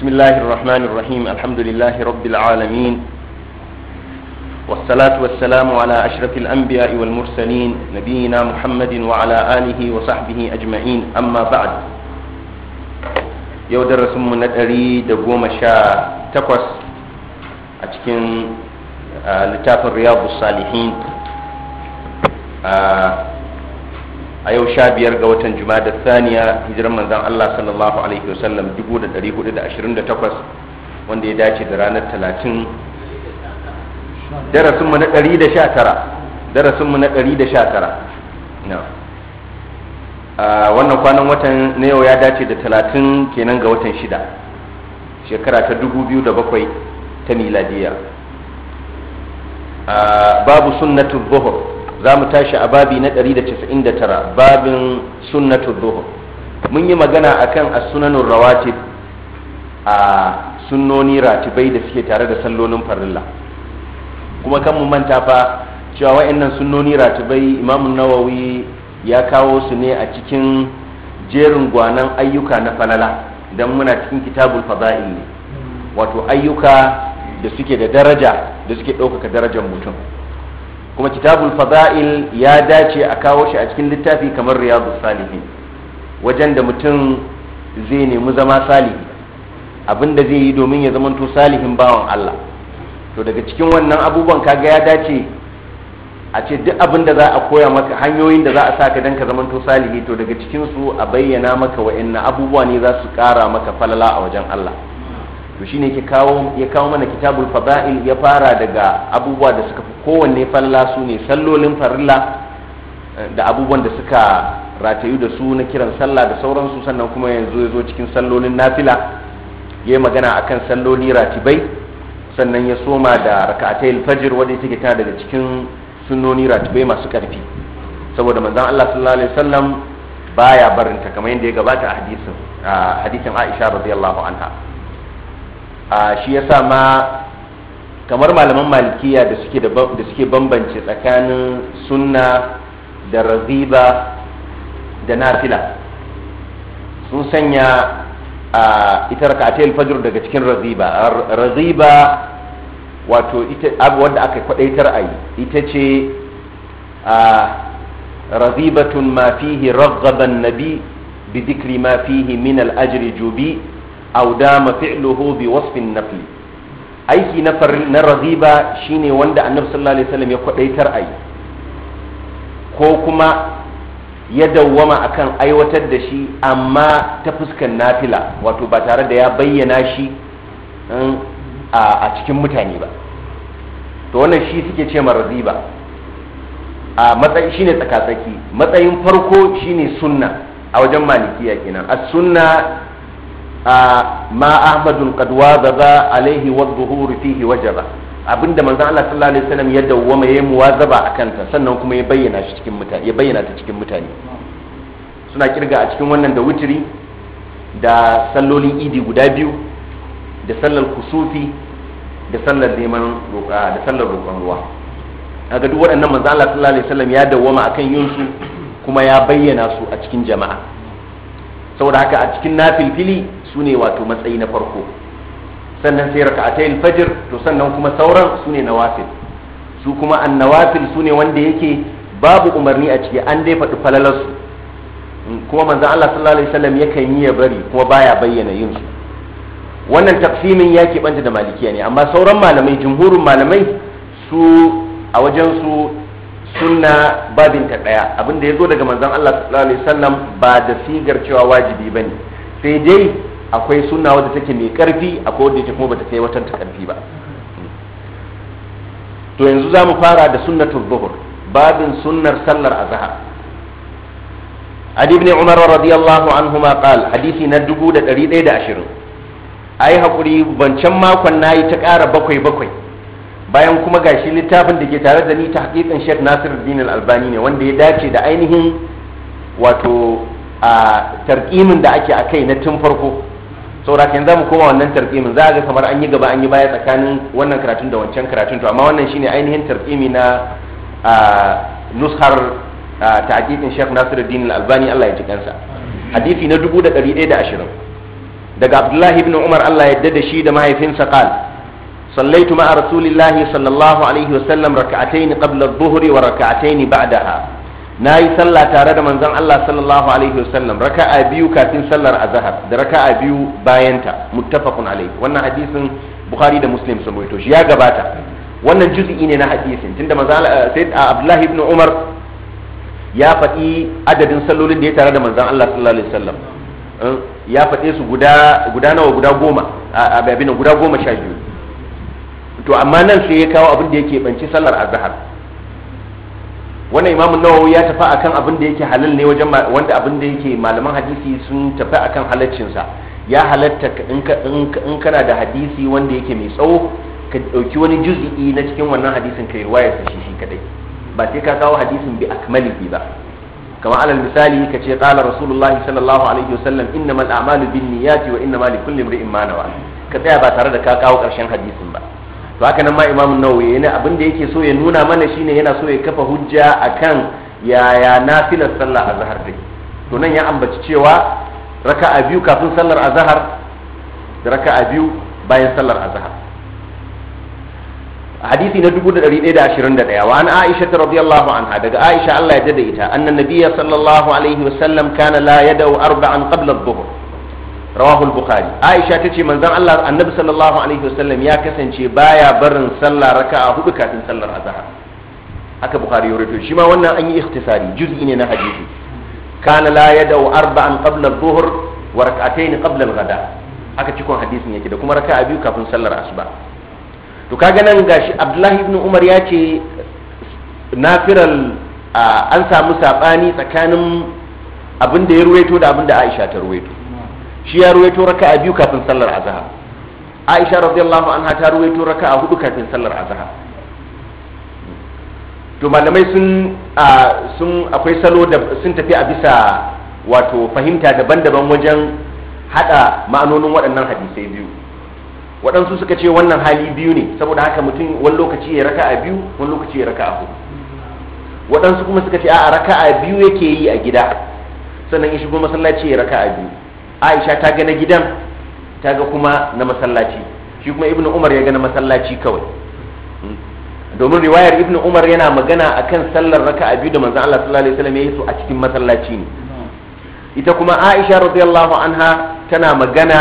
بسم الله الرحمن الرحيم الحمد لله رب العالمين والصلاة والسلام على أشرف الأنبياء والمرسلين نبينا محمد وعلى آله وصحبه أجمعين أما بعد يو درس من الأري دقوم شاء تقوس أتكن آه، لتاف الرياض الصالحين آه a yau sha biyar ga watan da saniya hijiran manzan Allah sallallahu alaihi wasallam takwas wanda ya dace da ranar talatin darasinmu na da sha tara darasinmu na da sha tara. a wannan kwanan watan na yau ya dace da talatin kenan ga watan shida shekara ta dubu biyu da bakwai ta miladiya babu sunnatu zuhur za mu tashi a babi na ɗari da tara babin sunnatul duhur mun yi magana akan kan sunanur rawatib a sunnoni ratibai da suke tare da sallolin farilla kuma kan mu manta fa cewa wayannan sunnoni ratibai imamun Nawawi ya kawo su ne a cikin jerin gwanan ayyuka na falala don muna cikin kitabul fada'il ne wato ayyuka da suke da daraja da suke ɗaukaka darajar mutum kuma kitabul fada'il ya dace a kawo shi a cikin littafi kamar riyadu salihin wajen da mutum zai nemi zama salihi abinda zai yi domin ya zamanto salihin bawan Allah to daga cikin wannan abubuwan kaga ya dace a ce duk abin da za a koya maka hanyoyin da za a saka dan ka zamanto salihi to daga cikin su a bayyana maka na abubuwa ne za su kara maka falala a wajen Allah to shine yake kawo ya kawo mana kitabul fada'il ya fara daga abubuwa da suka fi kowanne falla su ne sallolin farilla eh, da abubuwan da suka ratayu da su na kiran sallah da sauransu sannan kuma yanzu ya zo cikin sallolin nafila ya yi magana akan salloli ratibai sannan ya soma da raka'atai fajr wanda take tana daga cikin sunnoni ratibai masu karfi saboda manzon Allah sallallahu alaihi wasallam baya barinta kamar yadda ya gabata a hadisin hadisin Aisha radiyallahu anha a shi yasa ma kamar malaman malikiya da suke bambance tsakanin sunna da raziba da nafila sun sanya a ita raka'atai daga cikin raziba raziba wato ita abu aka kwadaitar a yi ita ce a razibatun ma fihi nabi bi zikri mafihi min al'ajiri jubi aw dama fi'luhu bi wasfin aiki na na raziba shine wanda annabi sallallahu alaihi wasallam ya kwadaitar ayi ko kuma ya dawwama akan aiwatar da shi amma ta fuskan nafila wato ba tare da ya bayyana shi a cikin mutane ba to wannan shi suke ce ma raziba a matsayi shine tsakatsaki matsayin farko shine sunna a wajen malikiya kenan as sunna ma ahmadun qad wazaba alaihi wadhuhuru fihi wajaba abinda manzon Allah sallallahu alaihi wasallam ya dawwama yayi muwazaba akan ta sannan kuma ya bayyana shi cikin mutane ya bayyana ta cikin mutane suna kirga a cikin wannan da wutiri da sallolin idi guda biyu da sallar kusufi da sallar neman roƙa da sallar roƙon ruwa kaga duk waɗannan manzon Allah sallallahu alaihi wasallam ya ma akan yin su kuma ya bayyana su a cikin jama'a saboda haka a cikin nafilfili su ne wato matsayi na farko sannan sai raka'atayil fajir to sannan kuma sauran su ne na wafil su kuma na annawafil su ne wanda yake babu umarni a ciki an dai faɗi falalarsu hmm, kuma manzan Allah sallallahu alaihi wasallam yakan yi ya bari kuma baya bayyana yin su wannan tafsimin ya keɓanta da malikiya ne amma sauran malamai jumhurin malamai su a wajen su sunna babinta ɗaya abin da ya zo daga manzon Allah sallallahu alaihi wasallam ba da sigar cewa wajibi bane sai dai akwai sunna wadda take mai karfi akwai wadda take kuma bata kai watan ta karfi ba to yanzu za mu fara da sunnatul zuhur babin sunnar sallar azhar عن ibn Umar radiyallahu الله عنهما da حديثي ندبو دا دريد دا عشرين makon هقولي بانشما ta bakwai bakwai bakwai. bayan kuma gashi littafin da ke tare da ni ta hakikan sheikh nasir din albani ne wanda ya dace da ainihin wato a tarƙimin da ake a kai na tun farko saboda yanzu mu koma wannan tarƙimin za a ga kamar an yi gaba an yi baya tsakanin wannan karatun da wancan karatun to amma wannan shine ainihin tarƙimi na nushar ta ta'aqiqin Sheikh nasir dinar albani Allah ya ji kansa hadisi na dubu da da ashirin daga Abdullahi ibn Umar Allah ya da shi da mahaifinsa qal صليت مع رسول الله صلى الله عليه وسلم ركعتين قبل الظهر وركعتين بعدها ناي صلى تارد من زن الله صلى الله عليه وسلم ركع بيو كاتين صلى الظهر ده ركع بيو باينتا متفق عليه وانا حديث بخاري ده مسلم سمويتو يا غباتا wannan juz'i ne na hadisin tunda manzo sai Abdullahi ibni Umar ya faɗi adadin sallolin da ya tare da manzon Allah sallallahu alaihi ya faɗe su guda nawa guda goma a abin guda goma sha biyu to amma nan sai ya kawo abin da yake banci sallar azhar wannan imamu nawawi ya tafi akan abin da yake halal ne wajen wanda abin da yake malaman hadisi sun tafi akan halaccinsa sa ya halatta in kana da hadisi wanda yake mai tsawo ka ɗauki wani juz'i na cikin wannan hadisin ka riwaya shi shi kadai ba sai ka kawo hadisin bi bi ba kama alal misali ka ce qala rasulullahi sallallahu alaihi wasallam innamal a'malu binniyati wa innamal likulli imrin ma nawa ka tsaya ba tare da ka kawo karshen hadisin ba to haka nan ma imamun nawawi yana abin da yake so ya nuna mana shine yana so ya kafa hujja akan yaya nafilar sallah azhar dai to nan ya ambaci cewa raka'a biyu kafin sallar azhar da raka'a biyu bayan sallar azhar hadisi na 1121 wa an aisha radiyallahu anha daga aisha Allah ya jada ita annan nabiyya sallallahu alaihi wasallam kana la yadau arba'an qabla adh-dhuhr rawahul bukhari aisha tace manzon allah annabi sallallahu alaihi wasallam ya kasance baya barin sallah raka'a hudu kafin sallar azhar haka bukhari ya rawaito shi ma wannan an yi ikhtisari juz'i ne na hadisi kana la yadau arba'an qabla adh-dhuhr wa rak'atayn qabla al-ghada haka cikon hadisin yake da kuma raka'a biyu kafin sallar asuba to kaga nan gashi abdullahi ibn umar ya ce nafiral an samu sabani tsakanin abin ya ruwaito da abinda aisha ta ruwaito shi ya ruwaito raka'a biyu kafin sallar azhar aisha radiyallahu anha ta ruwaito raka'a hudu kafin sallar azhar to malamai sun sun akwai salo da sun tafi a bisa wato fahimta daban-daban wajen hada ma'anonin waɗannan hadisai biyu waɗansu suka ce wannan hali biyu ne saboda haka mutum wani lokaci ya raka'a biyu wani lokaci ya raka'a hudu waɗansu kuma suka ce a raka'a biyu yake yi a gida sannan ya shigo masallaci ya raka'a biyu aisha ta ga na gidan ta ga kuma na masallaci shi kuma ibnu umar ya ga masallaci kawai hmm. domin riwayar ibnu umar yana magana akan sallar raka'a biyu da manzon Allah sallallahu alaihi wasallam ya su a cikin masallaci ne ita kuma aisha radiyallahu anha tana magana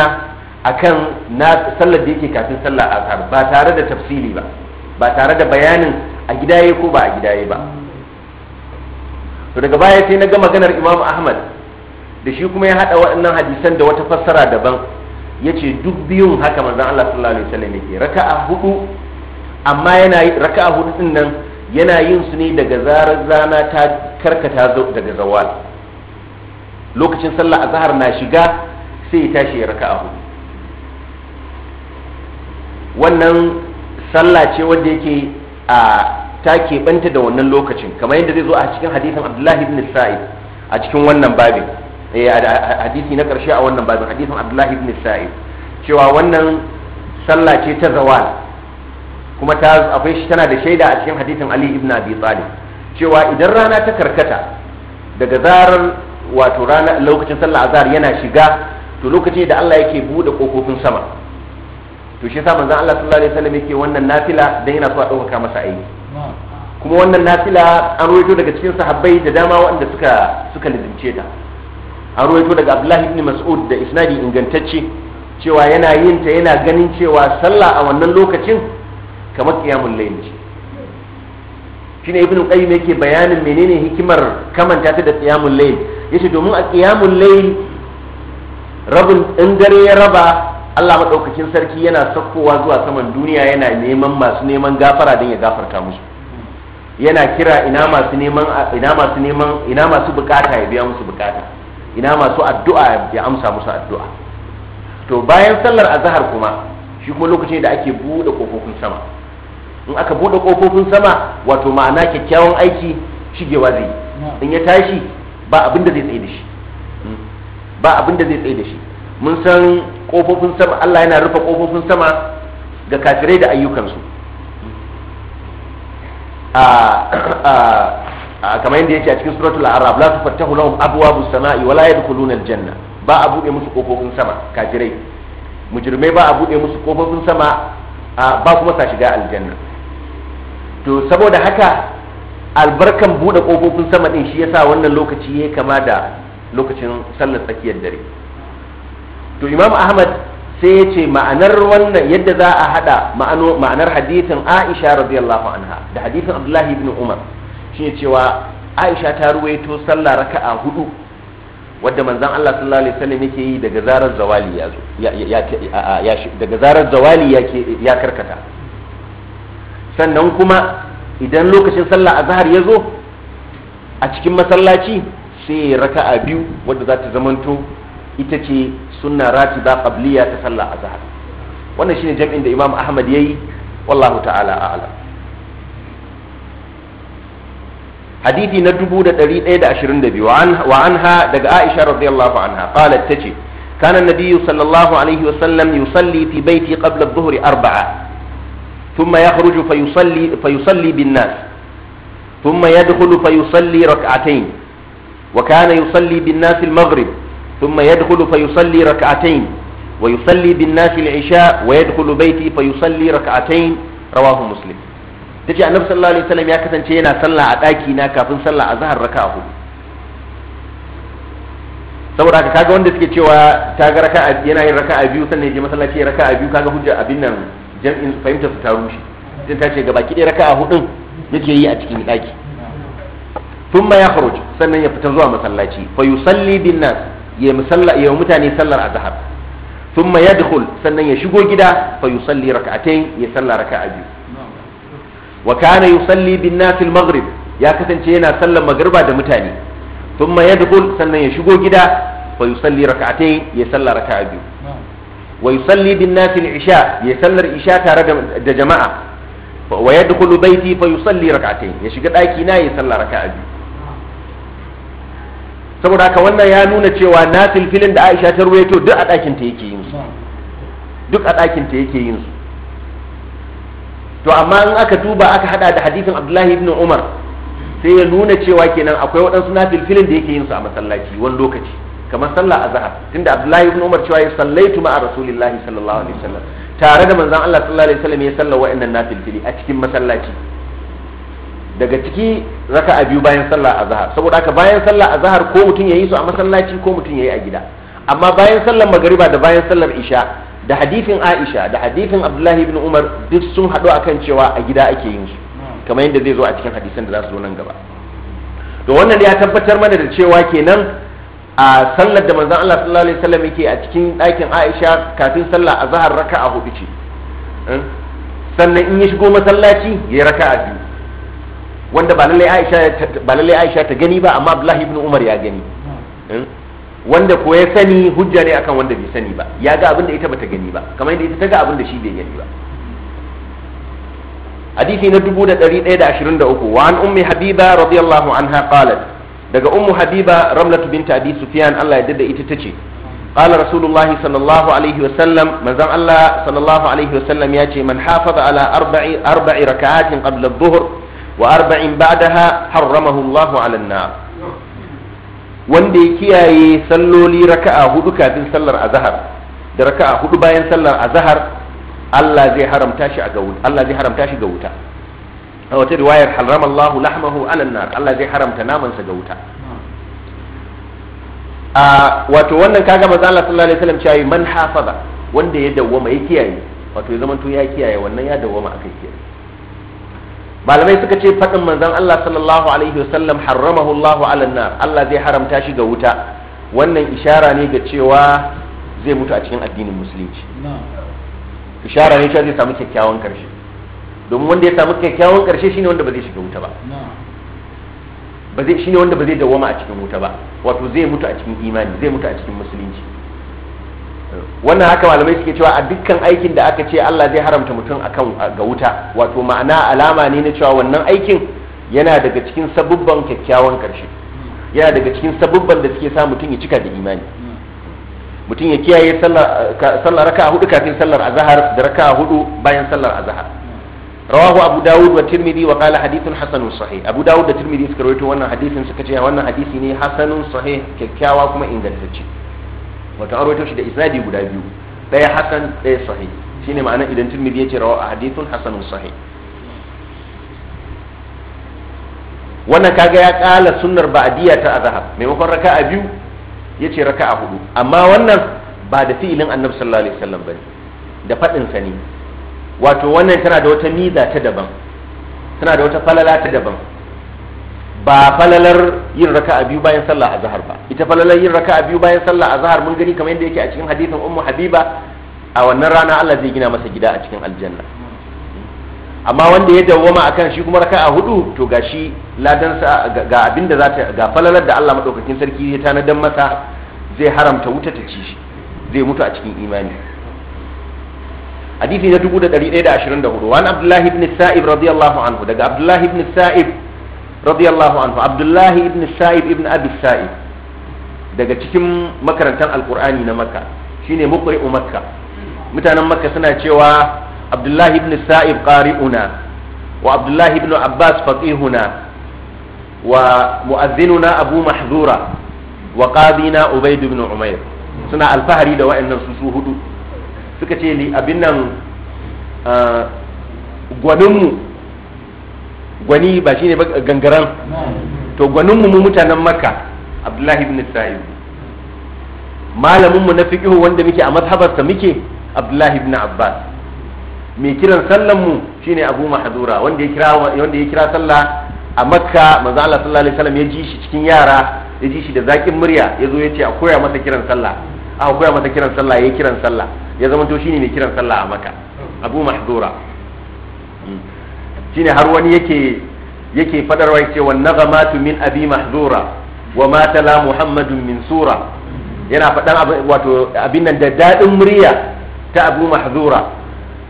akan na sallar da yake kafin sallar asar ba tare da tafsili ba ba tare da bayanin a gidaye ko ba a gidaye ba to daga baya sai na ga maganar imam ahmad da shi kuma ya haɗa waɗannan hadisan da wata fassara daban ya ce duk biyun haka manzan Allah sallallahu alaihi wasallam yake a hudu amma yana yi a hudu din nan yana yin su ne daga zarar zana ta karkata daga zawal lokacin sallah azhar na shiga sai ya tashi ya raka a hudu wannan sallah ce wanda yake a ta keɓanta da wannan lokacin kamar yadda zai zo a cikin hadisan Abdullahi ibn Sa'id a cikin wannan babin Eh, hadisi na karshe a wannan babin hadisin abdullahi ibn sa'id cewa wannan sallah ce ta zawal kuma ta akwai shi tana da shaida a cikin hadisin ali ibn abi talib cewa idan rana ta karkata daga zarar wato rana lokacin sallah azhar yana shiga to lokacin da Allah yake bude kofofin sama to shi yasa manzon Allah sallallahu alaihi wasallam yake wannan nafila dan yana so a dauka masa aiki kuma wannan nafila an rawaito daga cikin sahabbai da dama waɗanda suka suka lidince ta an ruwaito daga abdullahi ibn mas'ud da isnadi ingantacce cewa yana yin ta yana ganin cewa sallah a wannan lokacin kamar qiyamul layl ce shine ibn qayyim yake bayanin menene hikimar kamanta ta da qiyamul layl yace domin a qiyamul layl rabin in dare ya raba Allah madaukakin sarki yana sakkowa zuwa saman duniya yana neman masu neman gafara don ya gafarta musu yana kira ina masu neman ina masu neman ina masu bukata ya biya musu bukata ina masu addu'a ya amsa musu addu'a to bayan sallar azhar kuma shi kuma lokacin da ake buɗe kofofin sama in aka buɗe kofofin sama wato ma'ana kyakkyawan aiki shigewa zai in ya tashi ba abin da zai tsaye da shi hmm. ba abin da zai tsaye da shi mun san kofofin sama Allah yana rufe kofofin sama ga kafirai da ayyukansu hmm. a ah, ah, kamar yadda yake a cikin suratul arab la tufattahu lahum abwabus samai wala yadkhuluna aljanna ba a bude musu kofofin sama kafirai mujrimai ba a bude musu kofofin sama ba kuma sa shiga aljanna to saboda haka albarkan bude kofofin sama din shi yasa wannan lokaci yayi kama da lokacin sallar tsakiyar dare to imam ahmad sai ya ce ma'anar wannan yadda za a hada ma'anar hadithin aisha radiyallahu anha da hadithin abdullahi ibn umar shine cewa Aisha ta ruwaito sallah raka'a hudu wadda manzan Allah sallallahu alaihi wasallam yake yi daga zarar zawali ya zo daga zarar zawali ya karkata sannan kuma idan lokacin sallah azhar ya zo a cikin masallaci sai raka'a biyu wadda za ta zamanto ita ce sunna rati ratiba qabliya ta sallah azhar wannan shine jam'in da Imam Ahmad yayi wallahu ta'ala a'lam حديثي ندبودة تريد أيد أشرن دبي وعن وعنها دقاء عائشة رضي الله عنها قالت تجي كان النبي صلى الله عليه وسلم يصلي في بيتي قبل الظهر أربعة ثم يخرج فيصلي فيصلي بالناس ثم يدخل فيصلي ركعتين وكان يصلي بالناس المغرب ثم يدخل فيصلي ركعتين ويصلي بالناس العشاء ويدخل بيتي فيصلي ركعتين رواه مسلم tace annabi sallallahu alaihi wasallam ya kasance yana sallah a daki na kafin sallah azhar raka'a hudu saboda haka kaga wanda suke cewa ta ga raka'a yana yin raka'a biyu sannan ya je masallaci ya raka'a biyu kaga hujja abin nan jam'in fahimta su ta rushe sai ta ce gabaki ɗaya raka'a hudun yake yi a cikin daki ya kharuj sannan ya fita zuwa masallaci fa yusalli bin nas ya musalla ya mutane sallar azhar thumma yadkhul sannan ya shigo gida fa yusalli raka'atayn ya salla raka'a biyu wa kana yusalli bin nasi maghrib ya kasance yana sallar magriba da mutane thumma yadkhul sannan ya shigo gida fa yusalli rak'atayn ya sallar raka'a biyu wa yusalli bin nasi isha ya sallar isha tare da jama'a wa yadkhulu baiti fa yusalli rak'atayn ya shiga daki na ya sallar raka'a biyu saboda ka wannan ya nuna cewa na filin da Aisha ta ruwaito duk a dakin ta yake yin su duk a dakin ta yake yin su to amma in aka duba aka hada da hadisin abdullahi ibn umar sai ya nuna cewa kenan akwai waɗansu nafilfilin da yake yin su a masallaci wani lokaci kamar sallah azhar tunda abdullahi ibn umar cewa ya sallaitu ma'a rasulillahi sallallahu alaihi wasallam tare da manzon Allah sallallahu alaihi wasallam ya salla wa'annan nafilfili a cikin masallaci daga ciki a biyu bayan sallah azhar saboda haka bayan sallah azhar ko mutum yayi su a masallaci ko mutum yayi a gida amma bayan sallar magariba da bayan sallar isha da hadifin aisha da hadifin abdullahi ibn umar duk sun haɗu akan cewa a gida ake yin su kamar yadda zai zo a cikin hadisan da za su zo nan gaba to wannan ya tabbatar mana da cewa kenan a sallar da manzon Allah sallallahu alaihi wasallam yake a cikin ɗakin Aisha kafin sallah a zahar raka'a hudu ce hmm? sannan in ya shigo masallaci ya raka'a biyu wanda ba lallai Aisha ba lallai Aisha ta gani ba amma Abdullahi ibn Umar ya gani hmm? wanda ko ya sani hujja ne akan wanda bai sani ba ya ga abin ita ba ta gani ba kamar yadda ita ta ga abin shi bai gani ba hadisi na dubu da ashirin 1123 wa an ummi habiba radiyallahu anha qalat daga ummu habiba ramlat binta abi sufyan Allah ya dade ita tace qala rasulullahi sallallahu alaihi wa sallam manzon Allah sallallahu alaihi ya ce man hafaza ala arba'i arba'i rak'atin qabla adh wa arba'in ba'daha harramahu Allahu 'ala wanda ya kiyaye salloli raka'a hudu kafin sallar azhar da raka'a hudu bayan sallar azhar Allah zai haramta shi a ga wuta Allah zai haramta shi ga wuta a wata riwayar harrama Allah lahmahu ala nar Allah zai haramta naman sa ga wuta a wato wannan kaga manzo Allah sallallahu alaihi wasallam cewa man hafaza wanda ya dawwama ya kiyaye wato ya zamanto ya kiyaye wannan ya dawwama akai kiyaye malamai suka ce faɗin manzon Allah sallallahu alaihi wasallam harramahu Allahu ala nar Allah zai haramta shi ga wuta wannan ishara ne ga cewa zai mutu a cikin addinin musulunci ishara ne cewa zai samu kyakkyawan karshe domin wanda ya samu kyakkyawan karshe shine wanda ba zai shiga wuta ba ba zai shine wanda ba zai dawwama a cikin wuta ba wato zai mutu a cikin imani zai mutu a cikin musulunci wannan haka malamai suke cewa a dukkan aikin da aka ce Allah zai haramta mutum akan ga wuta wato ma'ana alama ne na cewa wannan aikin yana daga cikin sabubban kyakkyawan karshe yana daga cikin sabubban da suke sa mutum ya cika da imani mutum ya kiyaye sallar raka hudu kafin sallar azahar da raka hudu bayan sallar azahar rawahu abu dawud wa tirmidhi wa qala hadithun hasanun sahih abu dawud da tirmidhi suka rawaito wannan hadisin suka ce wannan hadisi ne hasanun sahih kyakkyawa kuma ingantacce wato an rawaito shi da isnadi guda biyu ɗaya hasan ɗaya sahih shine ma'anar idan tirmidhi ya ce rawa hadithun hasanun sahih wannan kaga ya kala sunnar ba'diyya ta azahar maimakon raka'a biyu yace raka'a hudu amma wannan ba da fi'ilin annabi sallallahu alaihi wasallam bane da fadin sa ne wato wannan tana da wata miza ta daban tana da wata falala ta daban ba falalar yin raka a biyu bayan sallah azhar ba ita falalar yin raka a biyu bayan sallah azhar mun gani kamar yadda yake a cikin hadisin ummu habiba a wannan rana Allah zai gina masa gida a cikin aljanna amma wanda ya dawwama akan shi kuma raka'a hudu to gashi ladan sa ga abinda za ta ga falalar da Allah madaukakin sarki ya tanadar masa zai haramta wuta ta ci shi zai mutu a cikin imani hadisi na 1124 wa دا عشرين دا هدو anhu daga abdullahi بن السائب radiyallahu anhu abdullahi ibn sa'id ibn abi sa'id daga cikin makarantar alkur'ani na makka shine muqri'u makka mutanen makka suna cewa abdullahi ibn sa'id qari'una wa abdullahi ibn abbas faqihuna wa mu'azzinuna abu mahzura wa qadina ubayd ibn umayr suna alfahari da wa'annan su hudu suka ce li abin nan ah, gwaninmu gwani ba shine ba gangaran to gwaninmu mu mutanen makka abdullahi ibn sa'id malamin mu na fiqh wanda muke a mazhabarsa muke abdullahi ibn abbas mai kiran sallan mu shine abu mahdura wanda ya kira wanda sallah a makka manzo Allah sallallahu alaihi wasallam ya ji shi cikin yara ya ji shi da zakin murya ya zo ya ce a koya masa kiran sallah a koya masa kiran sallah ya kiran sallah ya zama to shine mai kiran sallah a makka abu mahdura shine har wani yake yake wai ce wan nagamatu min abi mahzura wa ma tala muhammadun min sura yana fadan wato abin nan da dadin murya ta abu mahzura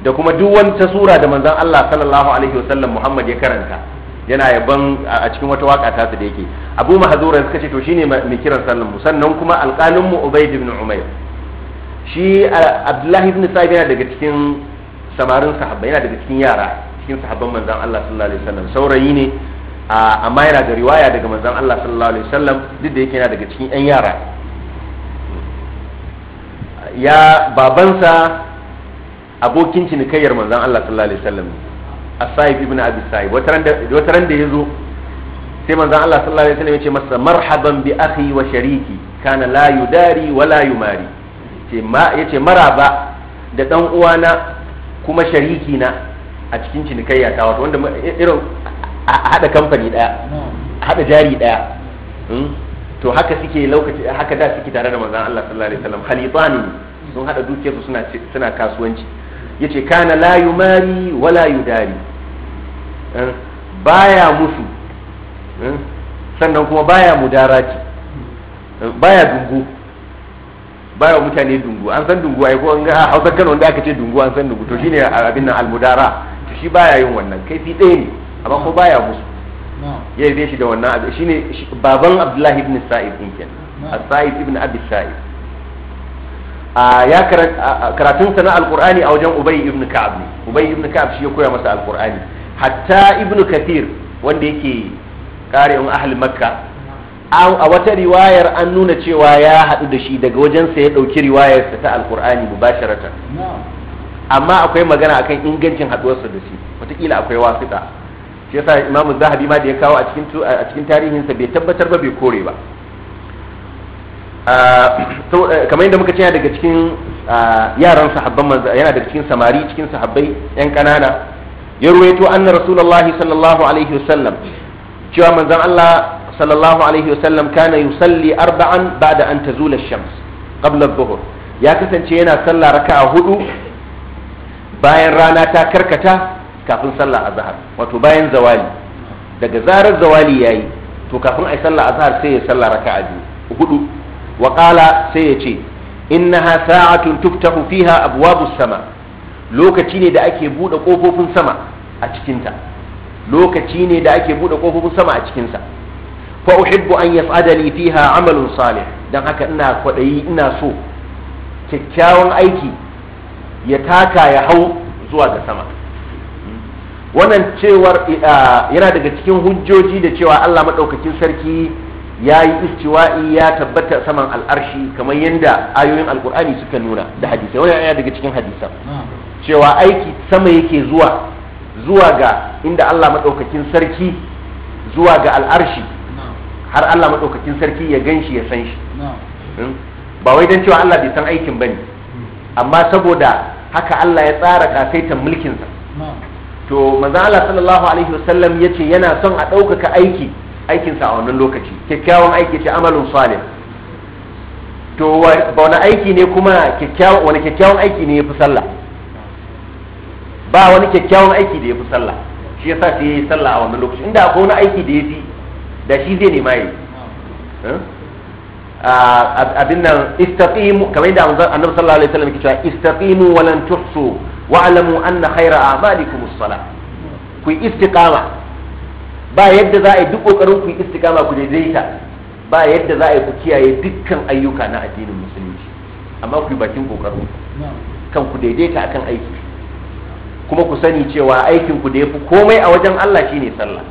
da kuma duk wata sura da manzon Allah sallallahu alaihi wasallam Muhammad ya karanta yana yaban a cikin wata waka ta da yake abu mahzura suka ce to shine mai kiran sallan mu sannan kuma alqalin mu ubayd ibn umayr shi abdullahi ibn sa'id yana daga cikin samarin sahabbai yana daga cikin yara cikin sahabban manzon Allah sallallahu alaihi wasallam saurayi ne amma yana da riwaya daga manzon Allah sallallahu alaihi wasallam duk da yake yana daga cikin yan yara ya babansa abokin cinikayyar manzon Allah sallallahu alaihi wasallam as-sahib ibn abi sahib wata ran da ya zo sai manzon Allah sallallahu alaihi wasallam ya ce masa marhaban bi akhi wa shariki kana la yudari wa la yumari ce ma yace maraba da dan uwana kuma shariki na a cikin cinikayya ta wato wanda irin a haɗa kamfani ɗaya hmm. haɗa jari ɗaya hmm? to haka suke lokaci haka da suke tare da manzon Allah sallallahu alaihi wasallam khalifani sun haɗa su suna suna kasuwanci yace kana la yumari wala yudari hmm? baya musu sannan kuma baya mudaraji baya dungu baya mutane dungu an san dungu ai ko an ga Hausa Kano wanda aka ce dungu an san dungu to shine abin nan almudara to shi baya yin wannan kaifi ɗaya ne amma ko baya musu ya yi shi da wannan abu shine baban Abdullahi ibn Sa'id din ken Sa'id ibn Abi Sa'id a ya karatun sana alqur'ani a wajen Ubay ibn Ka'ab ne Ubay ibn Ka'ab shi ya koya masa alqur'ani hatta ibn Kathir wanda yake ƙarin ahli Makka a wata riwayar an nuna cewa ya haɗu da shi daga wajensa ya ɗauki riwayarsa ta alkur'ani mubasharatan amma akwai magana akan ingancin haduwarsa da shi wataƙila akwai wasiƙa shi yasa imamu zahabi ma da ya kawo a cikin a cikin tarihinsa bai tabbatar ba bai kore ba ah, eh, kamar yadda muka ce yana daga cikin ah, yaran sahabban manzo yana daga cikin samari cikin sahabbai yan kanana ya ruwaito anna rasulullahi sallallahu alaihi wasallam cewa manzon Allah sallallahu alaihi wasallam kana yusalli arba'an ba'da an tazula ash-shams qabla adh-dhuhr ya kasance yana sallah raka'a hudu bayan rana ta karkata kafin sallah azhar wato bayan zawali daga zarar zawali yayi to kafin ai sallah azhar sai ya sallah raka'a biyu hudu wa qala sai ya ce innaha sa'atun tuftahu fiha abwabus sama lokaci ne da ake bude kofofin sama a cikin ta lokaci ne da ake bude kofofin sama a cikin sa fa uhibbu an yas'ada li fiha amalun salih dan haka ina kwadayi ina so kyakkyawan aiki ya taka ya hau zuwa ga sama wannan cewar yana daga cikin hujjoji da cewa Allah maɗaukakin sarki ya yi istiwa'i ya tabbata saman al'arshi kamar yadda ayoyin alkur'ani suka nuna da hadisai wannan yana daga cikin hadisan cewa aiki sama yake zuwa zuwa ga inda Allah maɗaukakin sarki zuwa ga al'arshi har Allah maɗaukakin sarki ya gan ya san shi hmm? ba wai don cewa Allah bai san aikin bane amma saboda haka Allah ya tsara kasaitan mulkinsa to manzo Allah sallallahu alaihi wasallam yace yana son a ɗaukaka aiki aikinsa a wannan lokaci kyakkyawan aiki ce amalun salih to wani aiki ne kuma wani kyakkyawan aiki ne ya fi sallah ba wani kyakkyawan aiki da ya fi sallah shi yasa sai ya yi sallah a wannan lokaci inda akwai wani aiki da ya fi da shi zai nema yi Ah, abin nan istaqimu kamar yadda annabi sallallahu alaihi wasallam yake cewa istaqimu wa lan tuhsu wa alamu anna khayra a'malikum as-salah ku istiqama ba yadda za a yi duk kokarin ku istiqama ku daidaita ba yadda za a yi ku kiyaye dukkan ayyuka na addinin musulunci amma ku yi bakin kokarin kan ku daidaita akan aiki kuma ku sani cewa aikin ku da yafi komai a wajen Allah shine sallah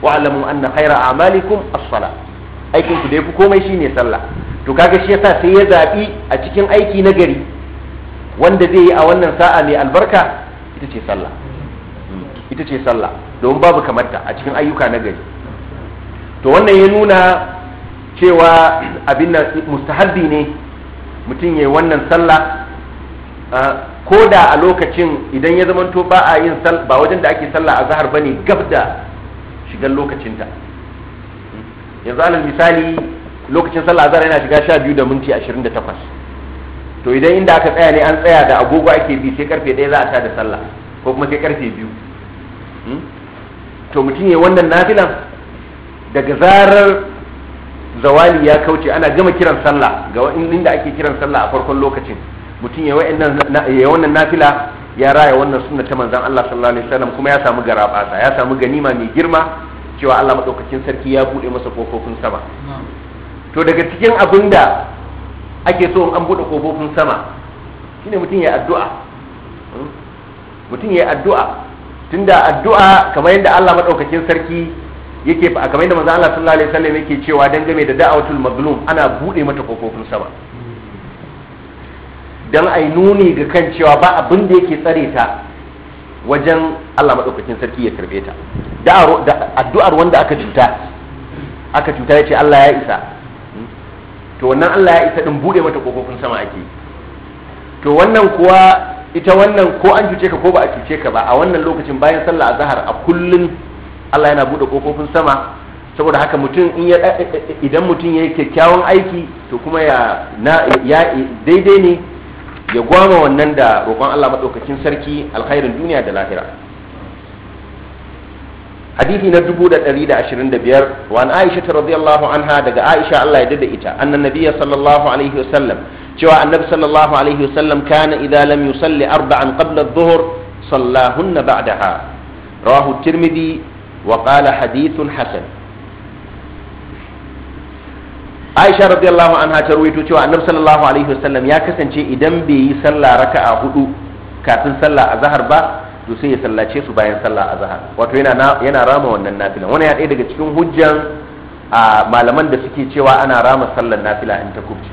wa alamu anna khayra a'malikum as-salah aikin ku da yafi komai shine sallah to kaga shi yasa sai ya zabi a cikin aiki na gari wanda zai yi a wannan sa'a mai albarka ita ce sallah hmm, ita ce sallah domin babu kamarta a cikin ayyuka na gari to wannan ya nuna cewa abin nan mustahabbi ne mutum ya yi wannan sallah ko da a lokacin idan ya zamanto ba a yin ba wajen da ake sallah a zahar bane gab da shigar lokacinta yanzu alal misali lokacin sallah azhar yana shiga sha biyu da minti ashirin da takwas to idan inda aka tsaya ne an tsaya da agogo ake bi sai karfe ɗaya za a sha da sallah ko kuma sai karfe biyu hmm? to mutum ya wannan nafilan daga zarar zawali ya kauce ana gama kiran sallah ga inda ake kiran sallah a farkon lokacin mutum ya wannan nafila ya raya wannan sunna ta manzan Allah sallallahu alaihi wasallam kuma ya samu garabasa ya samu ganima mai girma cewa Allah maɗaukakin sarki ya buɗe masa ƙofofin sama to daga cikin abin da ake so an buɗe ƙofofin sama ne mutum ya addu'a hmm? mutum ya addu'a Tun da addu'a kamar yadda Allah maɗaukakin sarki yake kamar yadda manzo Allah sallallahu alaihi wasallam yake cewa dangane da da'awatul mazlum ana buɗe mata ƙofofin sama hmm. dan ai nuni ga kan cewa ba abin da yake tsare ta wajen Allah maɗaukakin sarki ya karɓe ta addu'ar wanda aka cuta aka cuta ya ce Allah ya isa to wannan Allah ya isa ɗin buɗe mata ƙofofin sama ake to wannan kuwa ita wannan ko an cuce ka ko ba a cuce ka ba a wannan lokacin bayan sallah azhar a kullun Allah yana buɗe ƙofofin sama saboda haka mutum idan mutum ya yi kyakkyawan aiki to kuma ya daidai ne ya gwama wannan da roƙon Allah maɗaukakin sarki alkhairin duniya da lahira hadithi na 1125 wa an aisha ta radiyallahu anha daga aisha Allah ya dada ita annan nabiyya sallallahu alaihi wasallam cewa annabi sallallahu alaihi wasallam kana idza lam yusalli arba'an qabla adh-dhuhr sallahunna ba'daha rawahu tirmidhi wa qala hadithun hasan aisha radiyallahu anha ta rawaito cewa annabi sallallahu alaihi wasallam ya kasance idan bai yi sallah raka'a hudu kafin sallah azhar ba to sai ya sallace su bayan sallah azhar wato yana yana rama wannan nafila wannan ya ɗaya daga cikin hujjan malaman da suke cewa ana rama sallar nafila in ta kubce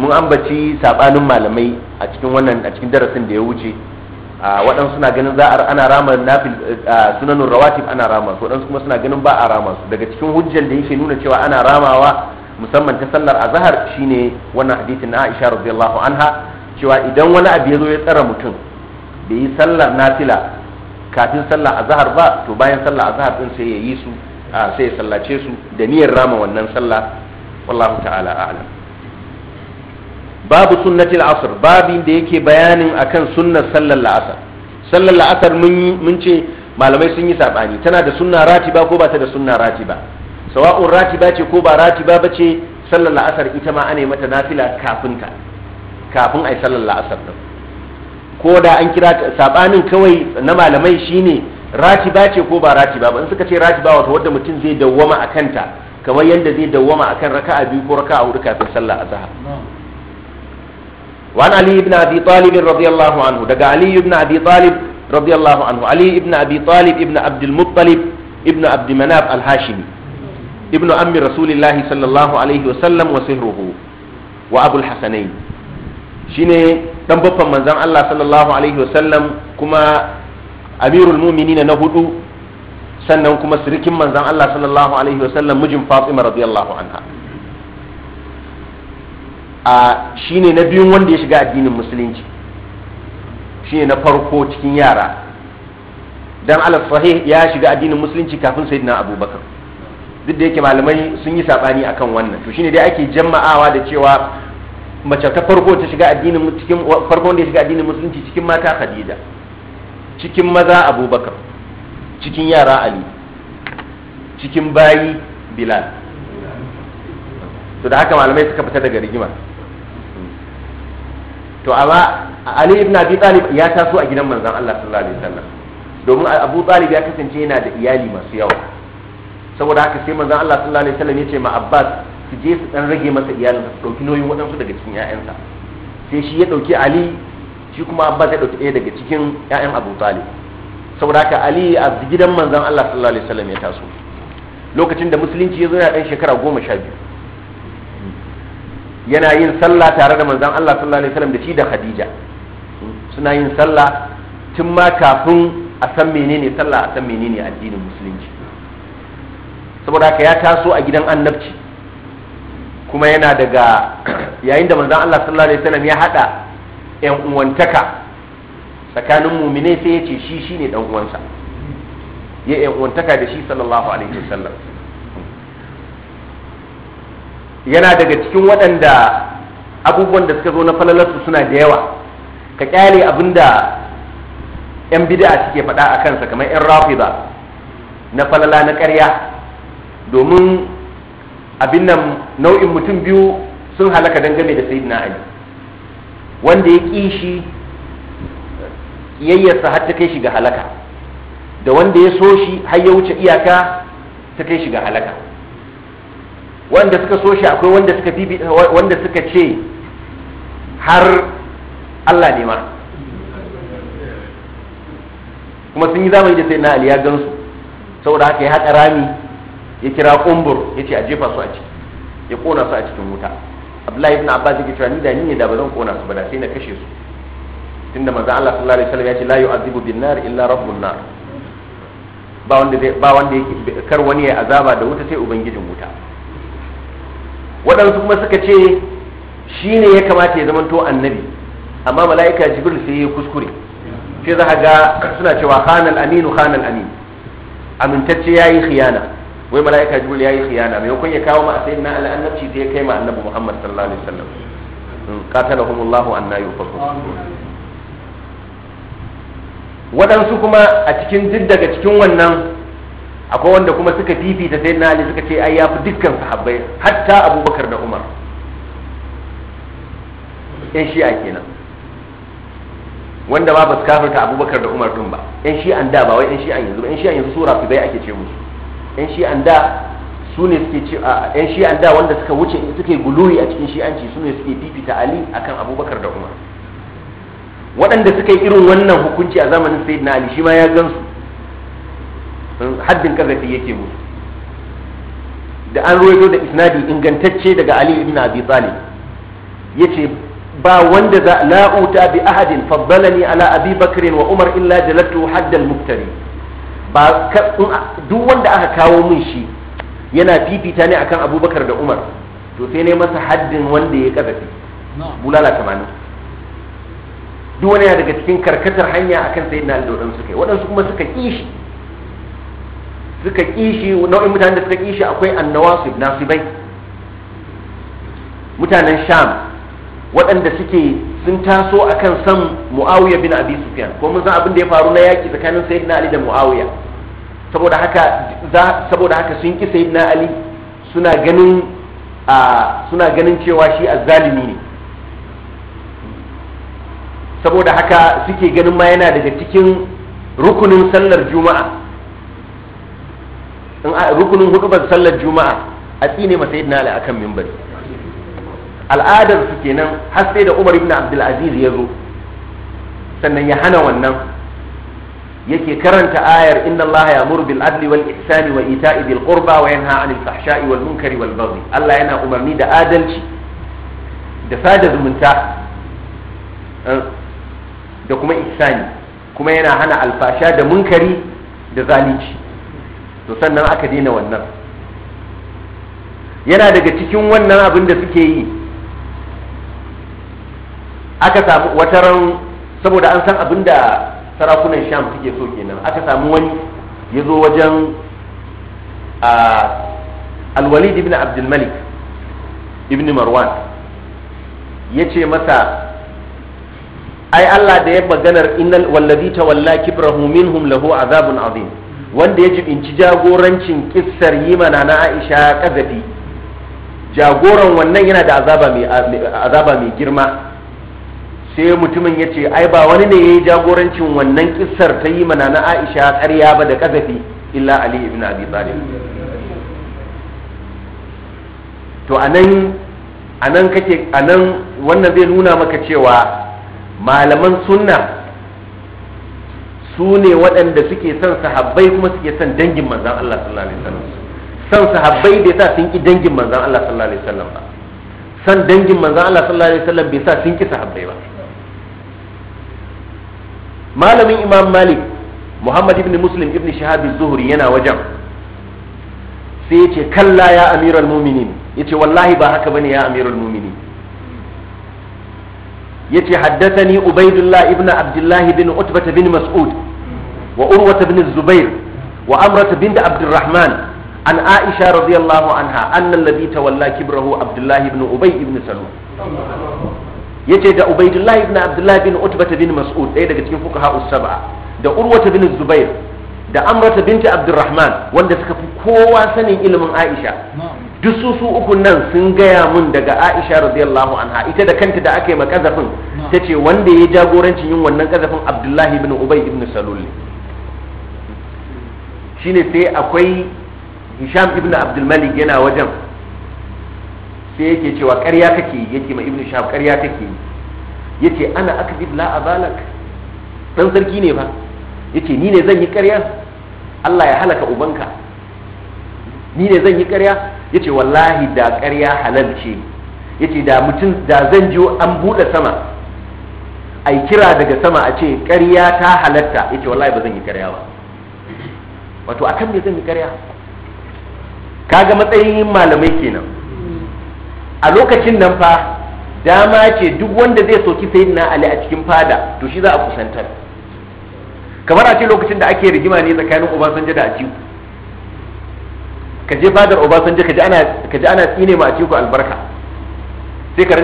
mun ambaci sabanin malamai a cikin wannan a cikin darasin da ya wuce waɗansu suna ganin za a ana rama nafil sunanun rawatib ana rama su waɗansu kuma suna ganin ba a rama su daga cikin hujjar da yake nuna cewa ana ramawa musamman ta sallar azhar shine wannan hadisin na Aisha radiyallahu anha cewa idan wani abu ya zo ya tsara mutum da yi sallar nafila kafin sallar azhar ba to bayan sallar azhar din sai ya yi su sai ya sallace su da niyyar rama wannan sallah wallahu ta'ala a'lam babu sunnatil asr babin da yake bayanin akan sunnar sallar la'asar sallar la'asar mun ce malamai sun yi sabani tana da sunna ratiba ko ba ta da sunna ratiba sawa'un ratiba ce ko ba ratiba ba ce sallar la'asar ita ma ana mata nafila kafin ka kafin ai sallar la'asar din ko da an kira sabanin kawai na malamai shine ratiba ce ko ba ratiba ba in suka ce ratiba wato wadda mutum zai dawwama akan ta kamar yadda zai dawwama akan raka'a biyu ko raka'a hudu kafin sallar azhar وعن علي بن أبي طالب رضي ali عنه دقى علي بن أبي طالب رضي الله عنه علي بن أبي طالب ابن عبد المطلب ابن عبد مناف الهاشمي ابن sallallahu رسول wa sallam wa عليه wa وسهره وأبو الحسنين shine dan babban manzon Allah sallallahu alaihi sallam kuma amirul mu'minin na hudu sannan kuma sirikin manzon Allah sallallahu alaihi sallam mijin Fatima radiyallahu anha a shine na biyun wanda ya shiga addinin musulunci shine na farko cikin yara dan alif sahih ya shiga addinin musulunci kafin sayyidina abubakar duk da yake malamai sun yi sabani akan wannan to shine dai ake jama'awa da cewa mace ta farko ta shiga addinin cikin farko wanda ya shiga addinin musulunci cikin mata khadija cikin maza abubakar cikin yara ali cikin bayi bilal to da haka malamai suka fita daga rigima to amma ali ibn abi talib ya taso a gidan manzon Allah sallallahu alaihi wasallam domin abu talib ya kasance yana da iyali masu yawa saboda haka sai manzon Allah sallallahu alaihi wasallam ya ce ma abbas su je su dan rage masa iyalin su dauki nauyin waɗansu daga cikin ƴaƴansa sai shi ya dauki ali shi kuma abbas ya dauki ɗaya daga cikin ƴaƴan abu talib saboda haka ali a gidan manzon Allah sallallahu alaihi wasallam ya taso lokacin da musulunci ya zo yana dan shekara goma sha biyu yana yin sallah tare da manzon Allah sallallahu alaihi wasallam da shi da Khadija suna yin sallah tun ma kafin a san menene sallah a san menene addinin musulunci saboda haka ya taso a gidan annabci kuma yana daga yayin da manzon Allah sallallahu alaihi wasallam ya hada yan uwantaka tsakanin mumine sai ya ce shi shine dan uwansa ya yan uwantaka da shi sallallahu alaihi wasallam yana daga cikin waɗanda abubuwan da suka zo na falalarsu suna da yawa ka kyale abin da 'yan bida'a suke faɗa a kansa kamar 'yan rafida na falala na ƙarya domin abin nan nau'in mutum biyu sun halaka dangane da sayyidina ali wanda ya ƙi shi yayyarsa har ta kai shi ga halaka da wanda ya so shi har ya wuce iyaka ta kai shi ga halaka wanda suka so shi akwai wanda suka bibi wanda suka ce har Allah ne ma kuma sun yi zamani da sai na Ali ya gansu saboda haka ya haɗa rami ya kira kumbur ya ce a jefa su a ciki ya kona su a cikin wuta Abdullahi ibn Abbas yake cewa ni da ni ne da ba zan kona su ba da sai na kashe su tunda manzo Allah sallallahu alaihi wasallam ya ce la yu'azibu bin nar illa rabbun nar ba wanda ba wanda yake kar wani ya azaba da wuta sai ubangijin wuta waɗansu kuma suka ce shi ne ya kamata ya zamanto annabi amma mala'ika jibril sai ya kuskure sai za ga suna cewa hanan aminu hanan amin amintacce ya yi khiyana wai mala'ika jibril ya yi khiyana maimakon ya kawo ma a na al'annabci sai ya kai ma annabi muhammad sallallahu alaihi wasallam hmm, qatalahumullahu anna yufakun waɗansu kuma a cikin duk daga cikin wannan akwai wanda kuma suka fifita sai na ali suka ce ai ya fi dukkan sahabbai hatta abubakar da umar yan shi'a kenan wanda ba ba su kafirta abubakar da umar din ba yan an da ba wai yan an yanzu ba yan an yanzu sura su bai ake ce musu yan shi'an da su ne suke ce yan shi'an da wanda suka wuce suke guluri a cikin shi'anci su ne suke fifita ali akan abubakar da umar waɗanda suka yi irin wannan hukunci a zamanin sayyidina ali shi ma ya gansu haddin kazafi yake musu da an ruwaito da isnadi ingantacce daga ali ibn abi talib yace ba wanda za la uta bi ahadin faddalani ala abi bakr wa umar illa jalatu haddal muftari ba duk wanda aka kawo min shi yana fifita ne akan abubakar da umar to sai ne masa haddin wanda ya kafafi bulala tamanin duk wani daga cikin karkatar hanya akan sayyidina al da waɗansu kai waɗansu kuma suka kishi. suka kishi nau'in mutanen da suka kishi akwai annawa na su bai mutanen sham waɗanda suke sun taso a kan san muawiya bin abi sufyan ko mun san abin da ya faru na yaki tsakanin sayyidina ali da muawiya saboda haka saboda haka sun ki ali suna ganin cewa shi azzalimi ne saboda haka suke ganin ma yana daga cikin rukunin sallar juma'a rukunin hudubar sallar juma'a a tsine masa yadda ala akan mimbari al'adar su kenan har sai da umar ibn abdulaziz ya zo sannan ya hana wannan yake karanta ayar inna allaha ya'muru bil adli wal ihsani wa ita'i bil qurba wa yanha 'anil fahsha'i wal munkari wal baghi Allah yana umarni da adalci da sada zumunta eh, da kuma ihsani kuma yana hana alfasha da munkari da zalunci to sannan aka daina wannan yana daga cikin wannan abin da suke yi aka samu wataran saboda an san abin da sarakunan sham suke so kenan aka samu wani ya zo wajen alwalid ibn abdulmalik ibn marwan ya ce masa ai allah da ya maganar innal wallazi tawalla kibrahu minhum lahu azabun azim wanda ya jibinci jagorancin kissar yi mana na aisha kazafi jagoran wannan yana da azaba mai girma sai mutumin ya ce ai ba wani ne ya yi jagorancin wannan kissar ta yi mana na aisha karya ba da kazafi illa ali ibn abi talib to anan anan kake anan wannan zai nuna maka cewa malaman sunna su ne waɗanda suke son sahabbai kuma suke son dangin manzan Allah sallallahu alaihi wasallam son sahabbai bai sa sun ki dangin manzan Allah sallallahu alaihi wasallam ba son dangin manzan Allah sallallahu alaihi wasallam bai sa sun ki sahabbai ba malamin imam malik muhammad ibn muslim ibn shahab zuhri yana wajen sai ya ce kalla ya amirul muminin yace wallahi ba haka bane ya amirul muminin yace haddathani ubaidullah ibn abdullah bin utbah bin mas'ud wa urwa bin zubair wa amrata bin abdurrahman an aisha radiyallahu anha anna alladhi tawalla kibrahu abdullah ibn ubay ibn salul yace da ubaidullah ibn abdullah bin utbah bin mas'ud ɗaya daga cikin fuqaha us da urwa bin zubair da amrata bin abdurrahman wanda suka fi kowa sanin ilimin aisha duk su su uku nan sun gaya mun daga Aisha radiyallahu anha ita da kanta da aka yi kazafin ta ce wanda ya jagorancin yin wannan kazafin Abdullahi ibn Ubay ibn Salul shine sai akwai Hisham ibn Abdul Malik yana wajen sai yake cewa ƙarya kake yake ma ibn Shahab ƙarya kake yace ana akdib la abalak dan sarki ne fa yace ni ne zan yi ƙarya Allah ya halaka ubanka ni ne zan yi ƙarya yace wallahi da ƙarya halal ce yace da mutum da zan ji an buɗe sama ai kira daga sama a ce ƙarya ta halatta yace wallahi ba zan yi ƙarya ba wato akan me zan yi ƙarya kaga matsayin malamai kenan a lokacin nan fa dama ce duk wanda zai soki sayyidina ali a cikin fada to shi za a kusantar kamar a ce lokacin da ake rigima ne tsakanin sanja da atiku ka je fadar obasanjo ka ji ana ka ji ana tsine ma a ciku albarka sai ka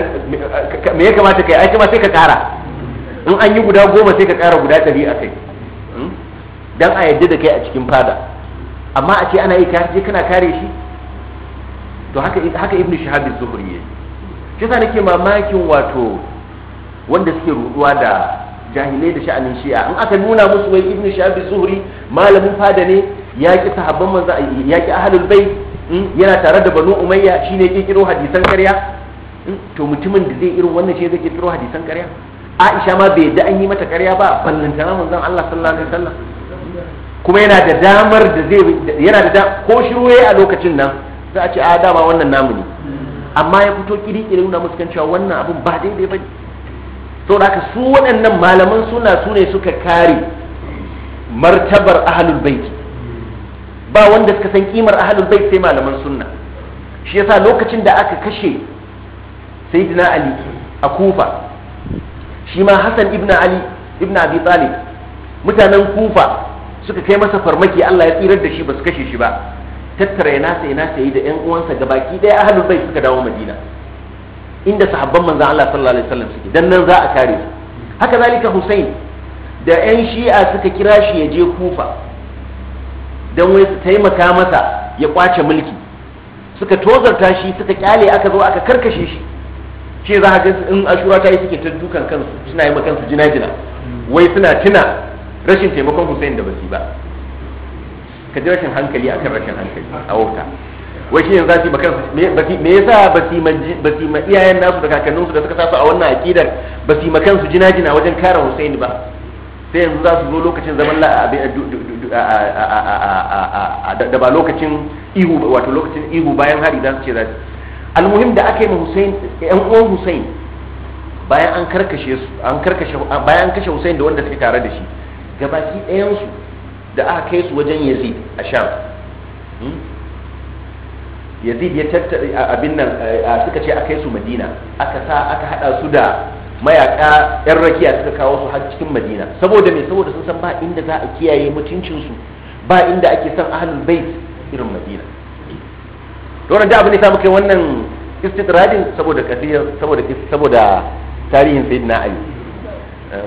me ya kamata kai aiki ma sai ka kara in an yi guda goma sai ka kara guda ɗari a kai hmm? dan a yadda da kai a cikin fada amma a ce ana yi kaje kana kare shi to haka haka ibnu shahab az-zuhri yayi shi yasa nake mamakin wato wanda suke ruduwa da jahilai da sha'anin shi'a in aka nuna musu wai ibnu shahab az-zuhri malamin fada ne ya ki sahabban manzo ya ki ahlul bait hmm, yana tare da banu umayya shine kiro hadisan ƙarya hmm, to mutumin da zai irin wannan shi zai kiro hadisan ƙarya Aisha ma bai da an yi mata ƙarya ba ballantana manzo Allah sallallahu alaihi wasallam kuma yana da damar da zai yana da ko shiru yayi a lokacin nan za a ce a ah, dama wannan namu ne amma ya fito kiri-kiri nuna musu cewa wannan abun ba daidai ba to da haka su waɗannan malaman suna su ne suka kare martabar ahlul baiti ba wanda suka san kimar ahlul bait sai malaman sunna shi yasa lokacin da aka kashe sayyidina ali a kufa shi ma hasan ibn ali ibn abi talib mutanen kufa suka kai masa farmaki Allah ya tsirar da shi ba su kashe shi ba tattara ya sai sai da yan uwansa gabaki ɗaya ahlul bait suka dawo madina inda sahabban manzon Allah sallallahu alaihi wasallam suke dan nan za a kare su haka zalika Hussein da yan shi'a suka kira shi ya je kufa don wai su taimaka masa ya kwace mulki suka tozarta shi suka kyale aka zo aka karkashe shi shi za ga in ashura ta yi suke ta dukan kansu suna yi kansu jina jina wai suna tuna rashin taimakon Hussein da basi ba ka ji rashin hankali akan rashin hankali a wauta wai shi yanzu za su yi kansu me yasa ba su ma iyayen nasu da kakanninsu da suka tasu a wannan akidar ba su yi kansu jina jina wajen kare Hussein ba sai yanzu za su zo lokacin zaman da ba lokacin ihu wato lokacin ihu bayan hari za su ce za su almuhim da aka yi ma Hussein yan uwan Hussein bayan an karkashe su an karkashe bayan an kashe Hussein da wanda suke tare da shi gabaki ɗayan su da aka kai su wajen Yazid a Sham hmm? Yazid ya tattare abin nan suka ce aka kai su Madina aka sa aka hada su da mayaka yan rakiya suka kawo su har cikin madina saboda me saboda sun san ba inda za a kiyaye mutuncinsu ba inda ake son ahlul bait irin madina don da abin da samu kai wannan istitradin saboda kasiyar saboda saboda tarihin sayyidina ali eh,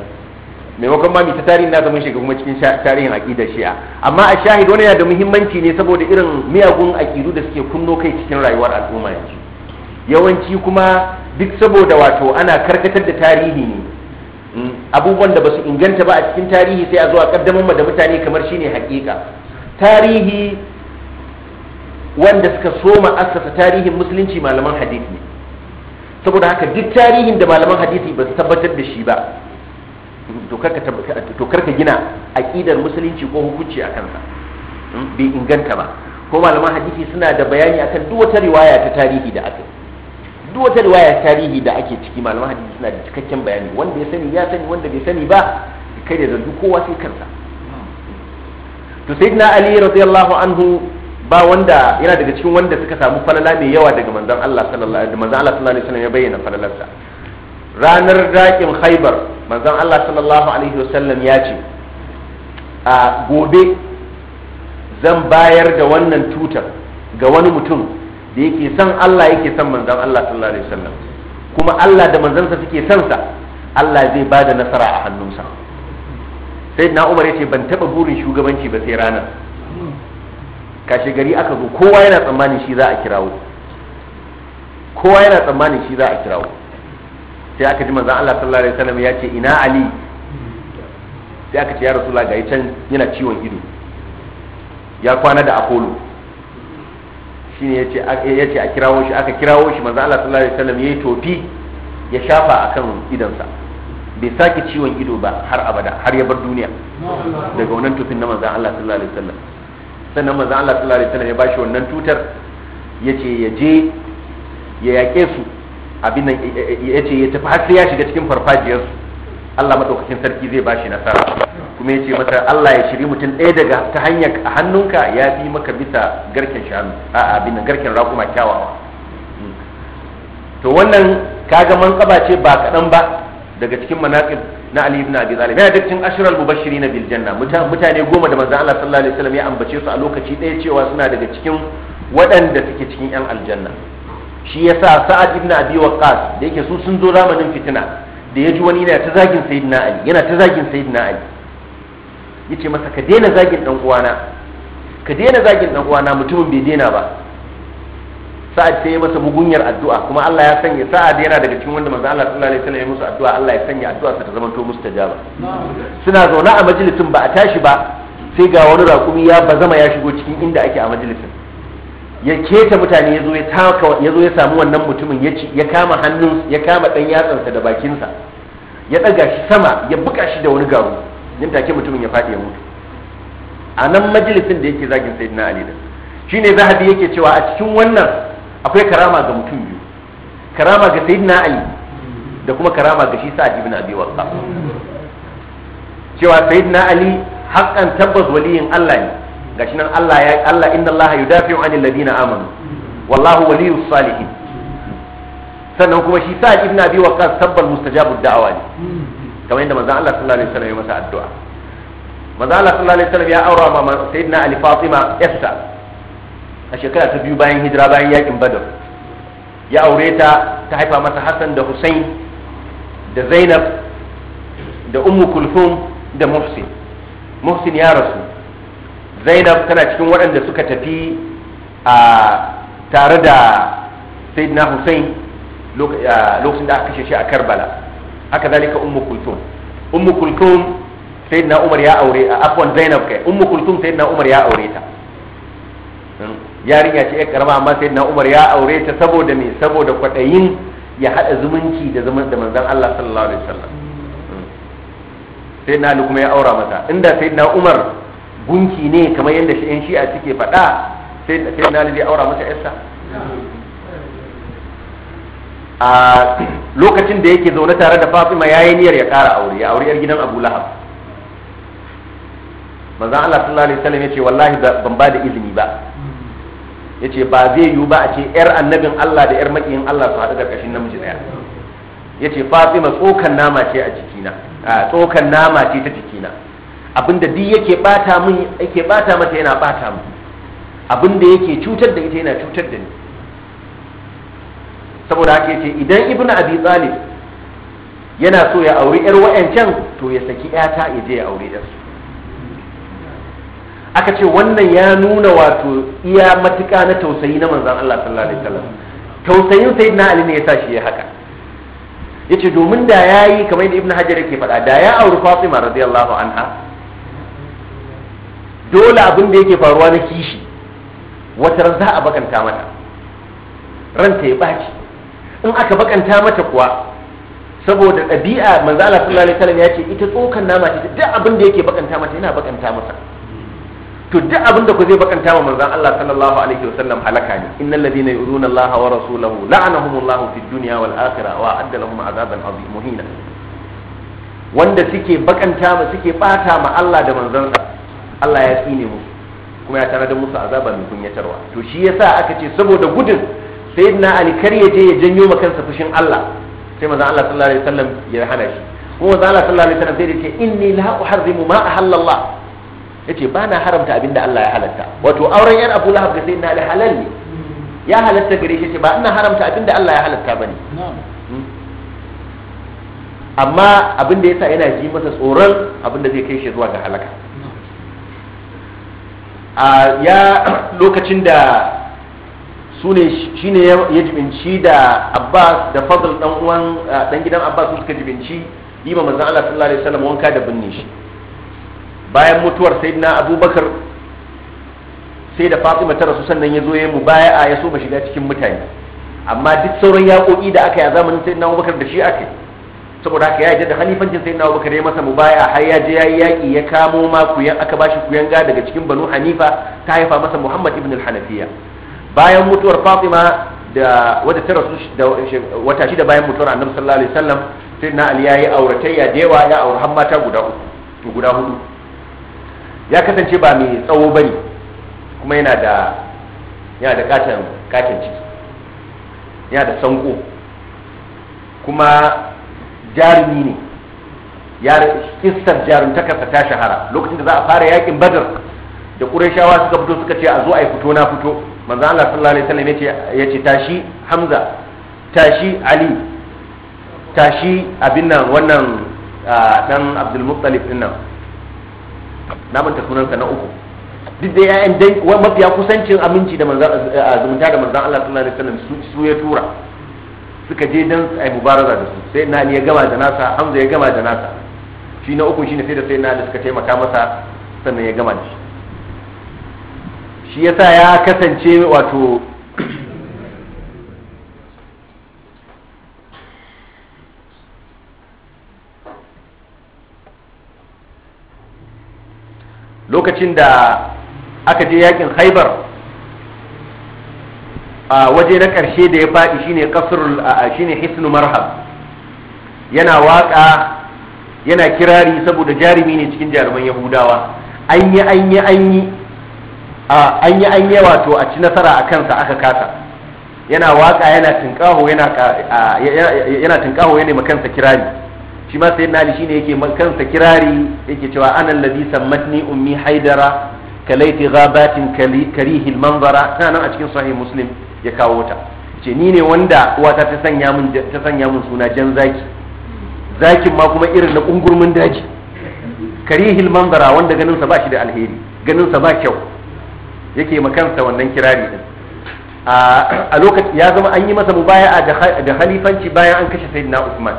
maimakon ma ta tarihin na zama shiga kuma cikin tarihin aqidar shi'a amma a shahid wani yana da muhimmanci ne saboda irin miyagun aqidu da suke kunno kai cikin rayuwar al'umma yanzu yawanci kuma duk saboda wato ana karkatar da tarihi ne mm, abubuwan da ba su inganta ba a cikin tarihi sai a zuwa a kaddamar da mutane kamar shine hakika tarihi wanda suka soma assasa tarihin musulunci malaman hadith ne saboda haka duk tarihin da malaman hadisi ba su tabbatar da shi ba to karka gina ƙidar musulunci ko hukunci a kansa mm, bai inganta ba ko malaman hadisi suna da bayani akan duk wata riwaya ta tarihi da aka duk wata riwaya tarihi da ake ciki malaman hadisi suna da cikakken bayani wanda ya sani ya sani wanda bai sani ba kai da zanzu kowa sai kansa to sayyidina ali radiyallahu anhu ba wanda yana daga cikin wanda suka samu falala mai yawa daga manzon Allah sallallahu alaihi manzon Allah sallallahu alaihi wasallam ya bayyana falalarsa ranar daƙin khaybar manzon Allah sallallahu alaihi wasallam ya ce a gobe zan bayar da wannan tutar ga wani mutum da yake san Allah yake san manzan Allah sallallahu alaihi wasallam kuma Allah da manzansa suke san sa Allah zai bada nasara a hannunsa sai na Umar yace ban taba burin shugabanci ba sai ranar kashe gari aka zo kowa yana tsammanin shi za a kirawo kowa yana tsammanin shi za a kirawo sai aka ji manzan Allah sallallahu alaihi wasallam ya ce ina Ali sai aka ce ya rasula ga can yana ciwon ido ya kwana da Apollo shine yace yace a kirawo shi aka kirawo shi manzo Allah sallallahu alaihi wasallam yayi tofi ya shafa akan sa bai sake ciwon ido ba har abada har ya bar duniya daga wannan tufin na manzo Allah sallallahu alaihi wasallam sannan manzo Allah sallallahu alaihi wasallam ya bashi wannan tutar yace ya je ya yake su abin nan yace ya tafi har sai ya shiga cikin farfajiyarsu Allah madaukakin sarki zai bashi nasara kuma ya ce masa Allah ya shiri mutum ɗaya daga ta hanyar hannunka ya fi maka bisa garken shanu a abin garken rakuma kyawawa hmm. to wannan kaga manqaba ce ba kaɗan ba daga cikin manaƙin na Ali ibn Abi Talib yana cikin ashiral mubashirin bil janna mutane goma da manzon Allah sallallahu alaihi wasallam ya ambace su a lokaci ɗaya cewa suna daga cikin waɗanda suke cikin yan aljanna shi yasa Sa'ad ibn Abi Waqqas da yake su sun zo zamanin fitina da ya ji wani yana ta zagin sayyidina ali yana ta zagin sayyidina ali yace masa ka daina zagin dan uwana ka daina zagin dan uwana mutumin bai daina ba sa'ad sai ya masa bugunyar addu'a kuma Allah ya sanya sa'ad yana daga cikin wanda manzo Allah sallallahu alaihi wasallam ya musu addu'a Allah ya sanya addu'a sa ta zama to mustajaba suna zaune a majalisin ba a tashi ba sai ga wani raƙumi ya bazama ya shigo cikin inda ake a majalisin ya keta mutane ya zo ya taka zo ya samu wannan mutumin ya ci ya kama hannun ya kama dan yatsansa da bakinsa ya daga shi sama ya buka shi da wani garu nan take mutumin ya fadi ya mutu a nan majalisin da yake zagin sayyidina ali da shine zahabi yake cewa a cikin wannan akwai karama ga mutum biyu karama ga sayyidina ali da kuma karama ga shi sa'ad ibn abi waqqas cewa sayyidina ali haƙƙan tabbas waliyin Allah ne gashi nan Allah ya Allah inna Allah yudafi'u 'anil ladina amanu wallahu waliyus salihin sannan kuma shi sa'id ibn abi waqqas tabbal mustajabud da'awa ne kamar yadda manzon Allah sallallahu alaihi wasallam ya masa addu'a manzon Allah sallallahu alaihi wasallam ya aura ma sayyidina ali fatima yassa a shekara ta biyu bayan hijira bayan yakin badar ya aure ta ta haifa masa hasan da husain da zainab da ummu kulthum da muhsin muhsin ya rasu zainab tana cikin waɗanda suka tafi a tare da sayyidina hussein lokacin da aka kashe shi a karbala haka zalika ummu kultum ummu kultum sayyidina umar ya aure a afwan zainab kai ummu kultum sayyidina umar ya aure ta yarinya ce ya karama amma sayyidina umar ya aure ta saboda me saboda kwadayin ya hada zumunci da zaman da manzon Allah sallallahu alaihi wasallam sayyidina ali kuma ya aura mata inda sayyidina umar gunki ne kamar yadda shi 'yan shi'a suke faɗa sai da sai nalibi aura masa yarsa a lokacin da yake zaune tare da fatima ya yi niyyar ya ƙara aure ya aure yar gidan abu lahab manzan allah sallallahu alaihi wasallam ya ce wallahi ban ba da izini ba ya ce ba zai yiwu ba a ce yar annabin allah da yar makiyin allah su haɗu da namiji ɗaya ya ce fatima tsokan nama ce a jikina tsokan nama ce ta jikina abinda duk yake bata min yake bata mata yana bata min abinda yake cutar da ita yana cutar da ni saboda haka yace idan ibnu abi talib yana so ya auri yar wayancan to ya saki yata ya je ya aure yar aka ce wannan ya nuna wato iya matuƙa na tausayi na manzon Allah sallallahu alaihi wasallam tausayin sayyidina ali ne ya sa shi ya haka yace domin da yayi kamar da ibnu hajar yake faɗa da ya auri fatima radiyallahu anha dole abin da yake faruwa na kishi wata ran za a bakanta mata ranta ya baci in aka bakanta mata kuwa saboda ɗabi'a manzo Allah sallallahu alaihi wasallam ya ce ita tsokan nama ce duk abin da yake bakanta mata yana bakanta masa. to duk abin da ku zai bakanta wa manzon Allah sallallahu alaihi wasallam halaka ne innal ladina yuruna Allah wa rasulahu la'anahumullahu fid dunya wal akhirah wa adda lahum azaban azim muhina wanda suke bakanta ma suke bata ma Allah da manzon sa Allah ya tsine musu kuma ya tare da musu azaba mai kunyatarwa to shi yasa aka ce saboda gudun sayyidina ali kar ya je ya janyo ma kansa fushin Allah sai manzon Allah sallallahu alaihi wasallam ya hana shi kuma manzon Allah sallallahu alaihi wasallam sai ya ce inni la uharrimu ma ahallallah yace ba na haramta abinda Allah ya halatta wato auren yar Abu Lahab da sayyidina ali halal ne ya halatta gare shi ce ba ina haramta abinda Allah ya halatta bane hmm? amma abin abinda yasa yana ji masa tsoron abin da zai kai shi zuwa ga halaka ya lokacin da su ne shi ne ya jibinci da abbas da fadl dan gidan abbas su suka jibinci yi ma mazan Allah sallallahu alaihi wasallam wanka da binne shi bayan mutuwar sayyidina abubakar sai da fatima ta rasu sannan ya zo ya mu a ya so ba shiga cikin mutane amma duk sauran yaƙoƙi da aka yi a zamanin sayyidina abubakar da shi aka yi saboda haka ya yi da halifancin sai na abubakar ya masa mubaya har ya je ya yi yaƙi ya kamo ma kuyan aka bashi ga daga cikin banu hanifa ta haifa masa muhammad ibn al-hanafiya bayan mutuwar fatima da wata ta rasu wata shida bayan mutuwar annabi sallallahu alaihi wasallam sai na ali ya yi auratayya da yawa ya auri hammata mata guda uku guda hudu ya kasance ba mai tsawo bane kuma yana da yana da katon katon ciki yana da sanko kuma jarumi ne kistar jarumtakarsa ta shahara lokacin da za a fara yakin badar da ƙurashawa suka fito suka ce a zo a yi fito na fito manzo Allah sallallahu alaihi wasallam ya ce tashi Hamza tashi Ali tashi abin nan wannan dan Abdul Muttalib din nan na manta sunansa na uku duk da yayan dai mafiya kusancin aminci da manzo zumunta da manzo Allah sallallahu alaihi wasallam su ya tura suka je dan ai mubaraza da su sai na ya gama da nasa hamza ya gama da nasa shi na uku shi ne sai da sai na suka taimaka masa sannan ya gama da shi shi yasa ya kasance wato lokacin da aka je yakin haibar a waje na ƙarshe da ya faɗi shine kasrul shine hisnu marhab yana waka yana kirari saboda jarumi ne cikin jaruman yahudawa anyi yi an yi an yi wato a ci nasara a kansa aka kasa yana waka yana tunkaho yana yana yana kansa kirari shi ma sayyidina ali shine yake kansa kirari yake cewa ana allazi sammatni ummi haidara kalaiti ghabatin karihi almanzara kana nan a cikin sahih muslim ya kawo ta ce ni ne wanda uwata ta sanya min suna jan zaki zakin ma kuma irin na kungurmin daji karihil manzara wanda ganin sa ba shi da alheri ganin sa ba kyau yake makansa wannan kirari din a lokaci ya zama an yi masa mubaya'a da halifanci bayan an kashe sayyidina Usman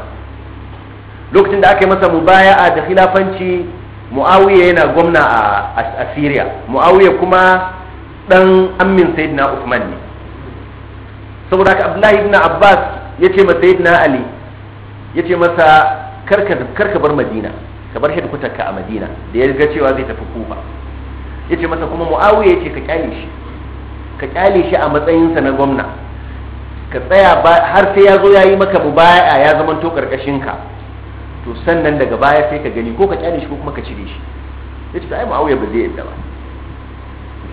lokacin da aka yi masa mubaya'a da khilafanci Muawiya yana gwamna a Syria Muawiya kuma dan ammin sayyidina Usman ne saboda haka abdullahi ibn abbas ya ce masa yadda ali ya ce masa karka bar madina ka bar hedkwatar ka a madina da ya ga cewa zai tafi kufa ya ce masa kuma mu'awiya ya ce ka kyale shi ka kyale shi a matsayinsa na gwamna ka tsaya har sai ya zo ya yi maka mubaya ya zama to karkashin ka to sannan daga baya sai ka gani ko ka kyale shi ko kuma ka cire shi ya ce ai mu'awiya ba zai yadda ba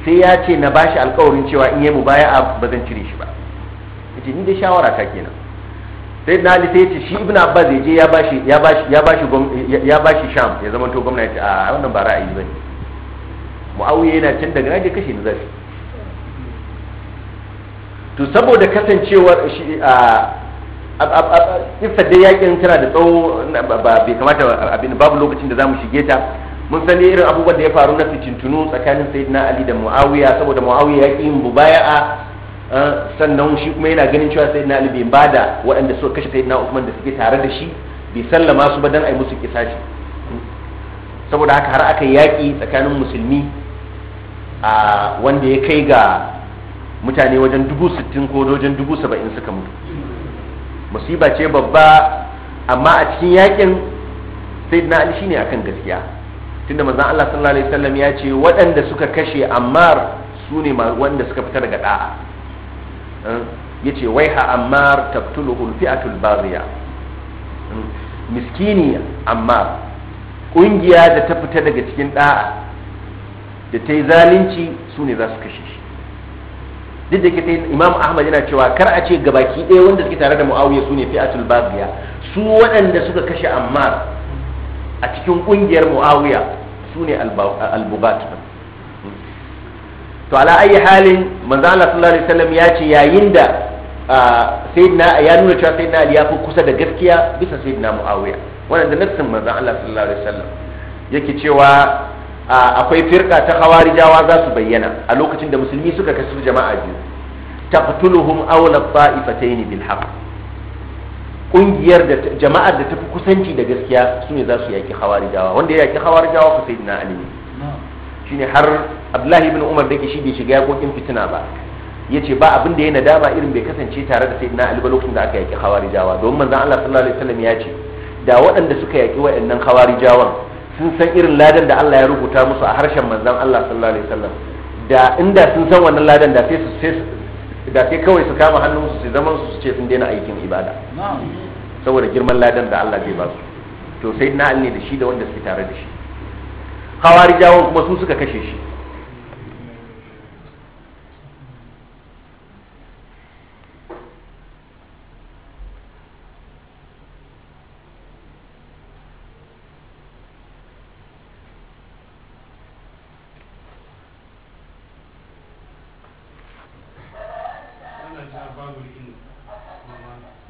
sai ya ce na bashi alkawarin cewa in yi mubaya ba zan cire shi ba yace ni dai shawara ta kenan sai na ali sai ce shi ibn abbas ya je ya bashi ya bashi ya bashi ya bashi sham ya zama to gwamna ce a wannan ba ra'ayi bane muawiya yana can daga naje kashe ni zafi to saboda kasancewar shi a iftar dai yakin tana da tsawo bai kamata abin babu lokacin da zamu shige ta mun sani irin abubuwan da ya faru na fitintunu tsakanin sayyidina ali da muawiya saboda muawiya ya ƙi yin mubaya'a Ah, sannan shi kuma yana ganin cewa sai na bai ba da waɗanda suka kashe sayyidina usman da suke tare da shi bai sallama su ba dan yi musu kisashi saboda haka har aka yaki tsakanin musulmi a ah, wanda ya kai ga mutane wajen dubu sittin ko wajen dubu saba'in suka mutu musiba ce babba amma a cikin yakin sayyidina ali shine akan gaskiya tunda manzon Allah sallallahu alaihi wasallam ya ce waɗanda suka kashe ammar sune ne wanda suka fita daga da'a Eh? yace ha ammar taqtuluhu al-fi'atul baghiya hmm? miskini amma kungiya da ta fita daga cikin da'a da ta yi zalunci su ne za su kashe shi duk da ke imam ahmad yana cewa kar a ce gabaki ɗaya wanda suke tare da muawiya su ne fi'atul baghiya su waɗanda suka kashe ammar a cikin kungiyar muawiya su ne albugat to ala ayi halin manzo Allah sallallahu alaihi wasallam ya ce yayin da sayyidina ya nuna cewa sayyidina Ali ya fi kusa da gaskiya bisa sayyidina Muawiya wannan da nassin manzo Allah sallallahu alaihi wasallam yake cewa akwai firka ta khawarijawa za su bayyana a lokacin da musulmi suka kasu jama'a biyu taqtuluhum awla ta'ifatayn bil haqq kungiyar da jama'ar da tafi kusanci da gaskiya su ne za su yaki khawarijawa wanda ya yaki khawarijawa ko sayyidina Ali ne shine har abdullahi ibn umar da ke shi bai shiga yakokin fitina ba ya ce ba abin da ya nadama irin bai kasance tare da sayyidina ali ba lokacin da aka yaki hawarijawa domin manzon Allah sallallahu alaihi wasallam ya ce da waɗanda suka yaki waɗannan hawarijawan sun san irin ladan da Allah ya rubuta musu a harshen manzon Allah sallallahu alaihi wasallam da inda sun san wannan ladan da sai su da sai kawai su kama hannunsu su zaman su ce sun daina aikin ibada saboda girman ladan da Allah zai ba su to sai na ne da shi da wanda suke tare da shi khawarijawan kuma su suka kashe shi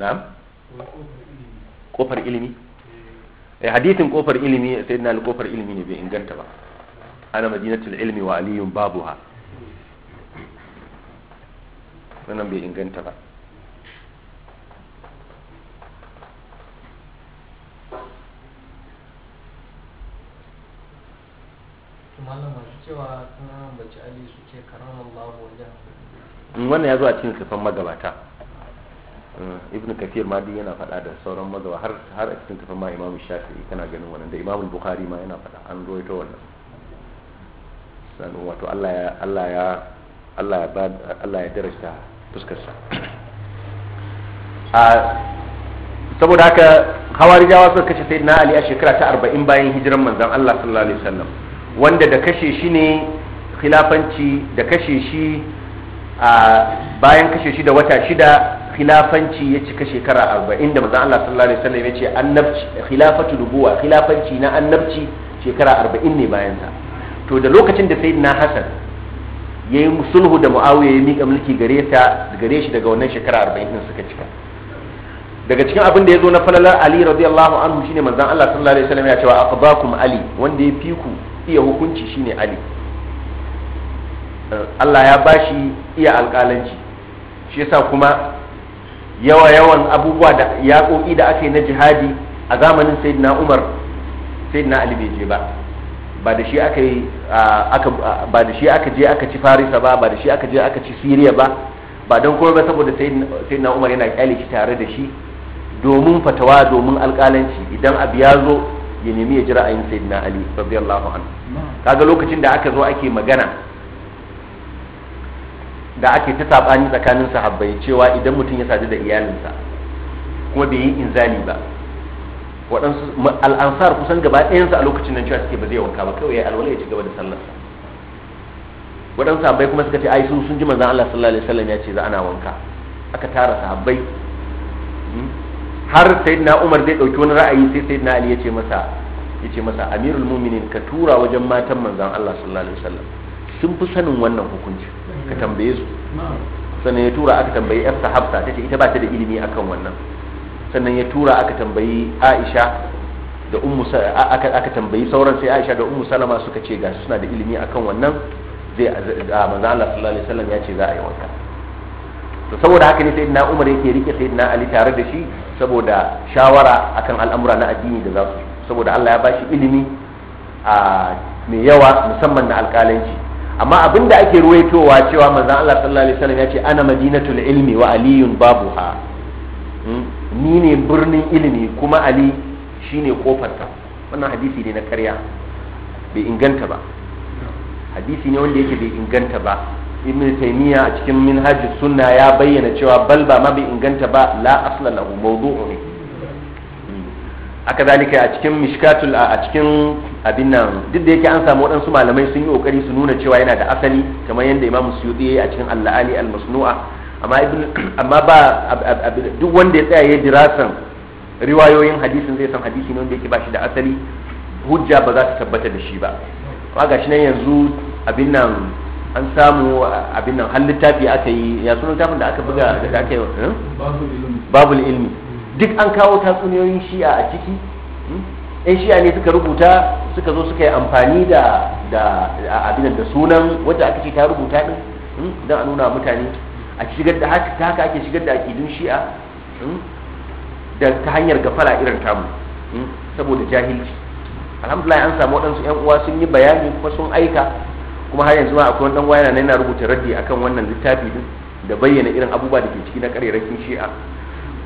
na'am kofar ilimi Eh, hadithin kofar ilimi sai na kofar ilimi ne bai inganta ba ana madinatul ilmi wa aliyun babuha wannan bai inganta ba cewa suna bace ali suke karamar wajen wannan ya zo a cikin sifan magabata Eh, ibn kafir ma duk yana faɗa da sauran mazawa har har a cikin tafin ma imamu shafi'i kana ganin wannan da imamu bukhari ma yana faɗa an roito wannan sannan wato Allah ya Allah ya Allah ya ba Allah ya darasta fuskar sa a saboda haka hawarijawa suka kace na ali a shekara ta 40 bayan hijiran manzon Allah sallallahu alaihi wasallam wanda da kashe shi ne khilafanci da kashe shi a bayan kashe shi da wata shida khilafanci ya cika shekara arba'in da manzon Allah sallallahu alaihi wasallam ya ce annabci khilafatu rubuwa khilafanci na annabci shekara arba'in ne bayan sa to da lokacin da sayyidina Hassan ya yi sulhu da Muawiya ya miƙa mulki gare ta gare shi daga wannan shekara arba'in din suka cika daga cikin abin da ya zo na falalar Ali radiyallahu anhu shine manzon Allah sallallahu alaihi wasallam ya ce wa Ali wanda ya fi ku iya hukunci shine Ali Allah ya bashi iya alƙalanci shi yasa kuma yawa yawan abubuwa da yaƙoƙi da aka yi na jihadi a zamanin sayyidina umar sayyidina ali bai je ba ba da shi aka yi ba da shi aka je aka ci farisa ba ba da shi aka je aka ci siriya ba ba don kuma ba saboda sayyidina umar yana kyale shi tare da shi domin fatawa domin alƙalanci idan abu ya zo ya nemi ya ji ra'ayin sayyidina ali radiyallahu anhu kaga lokacin da aka zo ake magana da ake ta sabani tsakanin sahabbai cewa idan mutum ya sadu da iyalinsa kuma bai yi inzali ba waɗansu al'ansar kusan gaba ɗayansu a lokacin nan cewa suke ba zai wanka ba kawai ya alwala ya ci gaba da sallarsa waɗansu sahabbai kuma suka ce ai su sun ji manzon Allah sallallahu alaihi wasallam ya ce za ana wanka aka tara sahabbai hmm, har sayyidina Umar zai dauki wani ra'ayi sai sayyidina Ali ya ce masa ya ce masa amirul mu'minin ka tura wajen matan manzon Allah sallallahu alaihi wasallam sun fi sanin wannan hukunci ka tambaye su sannan ya tura aka tambayi yarsa hafsa ta ce ita ba ta da ilimi akan wannan sannan ya tura aka tambayi aisha da ummu aka tambayi sauran sai aisha da ummu salama suka ce ga suna da ilimi akan wannan zai a manzo Allah sallallahu alaihi wasallam ya ce za a yi wanka to saboda haka ne na Umar yake rike na Ali tare da shi saboda shawara akan al'amura na addini da za su saboda Allah ya bashi ilimi a mai yawa musamman na alƙalanci amma abin da ake ruwaitowa cewa manzan Allah sallallahu alaihi wasallam ya ce ana madinatul ilmi wa aliyun babuha hmm? ni ne birnin ilimi kuma ali shine kofarta wannan hadisi ne na karya bai inganta ba hadisi ne wanda yake bai inganta ba ibn taymiya a cikin minhajus sunna ya bayyana cewa bal ba ma bai inganta ba la asla lahu mawdu'u ne hmm. aka zalika a cikin mishkatul a cikin abin nan duk da yake an samu waɗansu malamai sun yi ƙoƙari su nuna cewa yana da asali kamar yadda imamu suyuɗi ya yi a cikin alla'ani al-masnu'a amma ba duk wanda ya tsaya ya dirasan riwayoyin hadisin zai san hadisi ne wanda yake ba shi da asali hujja ba za ta tabbata da shi ba amma gashi nan yanzu abin nan an samu abin nan har littafi aka yi ya sunan littafin da aka buga da aka yi eh? babul ilmi duk an kawo tatsuniyoyin shi'a a ciki hmm? yan shi'a ne suka rubuta suka zo suka yi amfani da da abin da sunan wadda aka ce ta rubuta ɗin hmm, don a nuna mutane a shigar da haka haka ake shigar da akidun shi'a hmm, da ta hanyar gafala irin tamu hmm, saboda jahilci alhamdulillah an samu waɗansu yan uwa sun yi bayani kuma sun aika kuma har yanzu ma akwai wani dan yana ne yana rubuta raddi akan wannan littafi din da bayyana irin abubuwa da ke ciki na ƙarerakin shi'a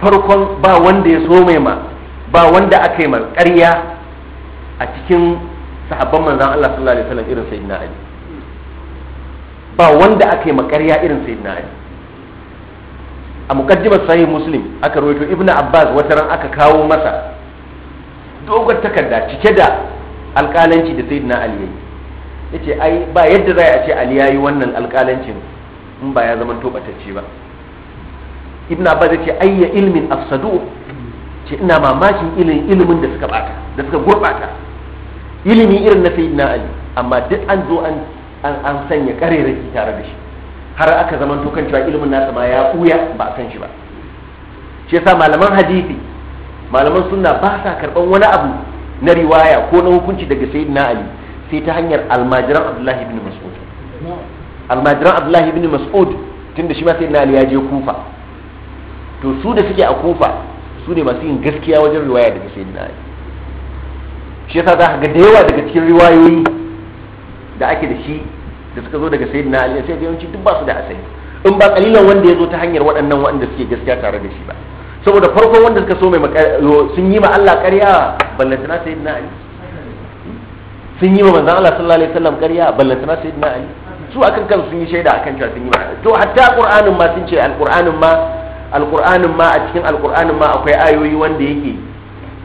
farkon ba wanda ya so mai ma ba wanda aka yi ƙarya a cikin sahabban manzan Allah sallallahu alaihi wasallam irin sayyidina Ali ba wanda aka yi ƙarya irin sayyidina Ali a muqaddimat sahih muslim aka rawaito ibnu abbas wata ran aka kawo masa dogon takarda cike da alƙalanci da sayyidina Ali ya ce ai ba yadda za a ce Ali ya yi wannan alƙalancin in ba ya zama tobatacce ba ibnu abbas ya yace ayya ilmin afsadu ce ina mamakin ilimin da suka bata da suka gurbata ilimi irin na sayyidina ali amma duk an zo an sanya kareraki tare da shi har aka zaman to kan cewa ilimin nasa ma ya buya ba a san shi ba shi yasa malaman hadisi malaman sunna ba sa karban wani abu na riwaya ko na hukunci daga sayyidina ali sai ta hanyar almajiran abdullahi ibn mas'ud almajiran abdullahi ibn mas'ud tunda shi ma sayyidina ali ya je kufa to su da suke a kufa su ne masu yin gaskiya wajen riwaya daga sayyidina ali shi yasa za ka ga da yawa daga cikin riwayoyi da ake da shi da suka zo daga sayyidina ali sai ga yawanci duk ba su da asali in ba kalilan wanda ya zo ta hanyar waɗannan waɗanda suke gaskiya tare da shi ba saboda farkon wanda suka so mai sun yi ma Allah ƙarya ballantana sayyidina ali sun yi ma manzon Allah sallallahu alaihi wasallam ƙarya ballantana sayyidina ali su akan kan sun yi shaida akan cewa sun yi ma to hatta qur'anin ma sun ce alqur'anin ma alqur'anin ma a cikin alqur'anin ma akwai ayoyi wanda yake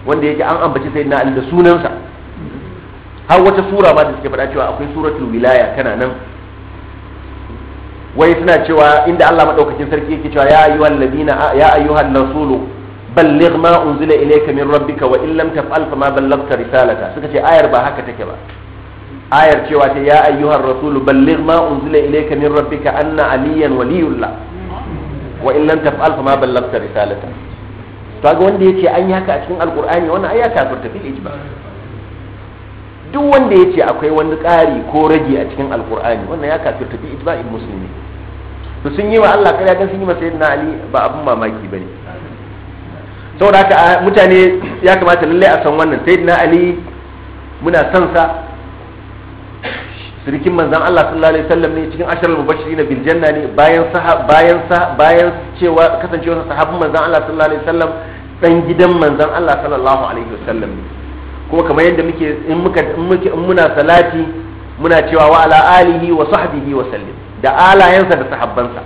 wanda yake an ambaci sayyidina ali da sunansa har wata sura ma da suke faɗa cewa akwai suratul wilaya tana nan wai suna cewa inda Allah madaukakin sarki yake cewa ya ayyuhal ladina ya ayyuhal rasulu balligh ma unzila ilayka min rabbika wa illam alfama taf'al fa ma ballaghta risalata suka ce ayar ba haka take ba ayar cewa ta ya ayyuhar rasulu balligh ma unzila ilayka min rabbika anna aliyan waliyullah wa in lam taf'al fa ma ballagta risalata to ga wanda yace an yi haka a cikin alqur'ani wannan ayya furta fil ijma duk wanda yace akwai wani ƙari ko rage a cikin alqur'ani wannan ya kafirta fil ijma'in muslimi to sun yi wa Allah kariya dan sun yi masa yadda ali ba abun mamaki bane saboda haka mutane ya kamata lalle a san wannan sayyidina ali muna son sa sirikin manzan Allah sallallahu alaihi wasallam ne cikin ashirar mubashirin na biljanna ne bayan bayan bayan cewa kasancewar sahabin manzan Allah sallallahu alaihi wasallam dan gidan manzan Allah sallallahu alaihi wasallam ne kuma kamar yadda muke in muka in muna salati muna cewa wa ala alihi wa sahbihi wa sallim da alayensa da sahabbansa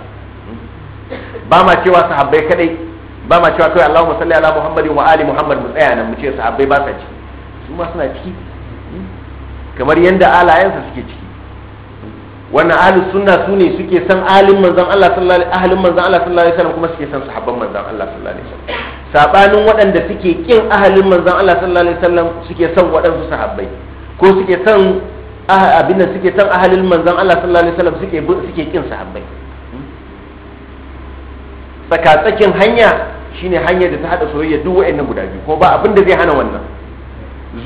ba ma cewa sahabbai kadai ba ma cewa kai Allahumma salli ala Muhammadin wa ali Muhammad mu tsaya nan mu ce sahabbai ba sa ciki su ma suna ciki kamar yadda alayensa suke ciki wannan ahlus sunna su ne suke san alim manzon Allah sallallahu alaihi ahlin manzon Allah sallallahu alaihi wasallam kuma suke san sahabban manzon Allah sallallahu alaihi wasallam sabanin waɗanda suke kin ahalin manzon Allah sallallahu alaihi wasallam suke san waɗansu sahabbai ko suke san ah, abin da suke san ahalin manzon Allah sallallahu alaihi wasallam suke suke kin sahabbai tsakatsakin hanya shine hanyar da ta hada soyayya duk wa'annan guda biyu ko ba abin da zai hana wannan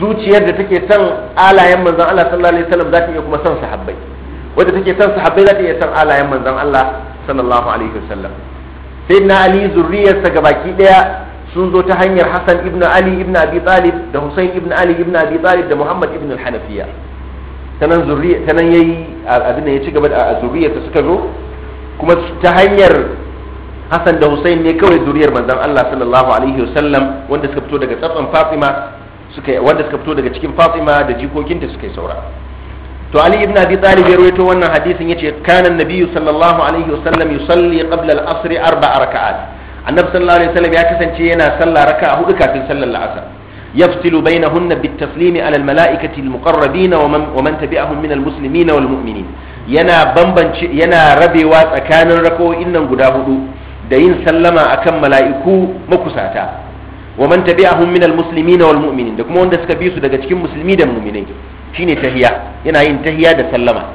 zuciyar da take san alayen manzon Allah sallallahu alaihi wasallam za ta iya kuma san sahabbai wadda take san sahabbai za ta iya san alayen manzon Allah sallallahu alaihi wasallam sai na ali zuriyarsa gabaki daya sun zo ta hanyar Hassan ibn Ali ibn Abi Talib da Hussein ibn Ali ibn Abi Talib da Muhammad ibn al-Hanafiya tanan zurriya tanan yayi abin da ya ci gaba da zuriyarsa suka zo kuma ta hanyar Hassan da Hussein ne kawai zuriyar manzon Allah sallallahu alaihi wasallam wanda suka fito daga tsatsan Fatima suka wanda suka fito daga cikin Fatima da jikokinta suka yi saura to ali ibn abi talib ya rawaito wannan hadisin yace kana annabiyyu sallallahu alaihi wasallam yusalli qabla al-asr arba'a raka'at annabi sallallahu alaihi wasallam ya kasance yana sallah raka'a hudu kafin sallar la'asar yaftilu bainahunna hunna ala al-mala'ikati al-muqarrabin wa man wa man tabi'ahum min al-muslimin wal mu'minin yana bambanci yana rabewa tsakanin raka'o'in nan guda hudu da yin sallama akan mala'iku makusata wa man tabi'ahum minal muslimina wal mu'minin da kuma wanda suka bi su daga cikin musulmi da muminin shine tahiya yana yin tahiya da sallama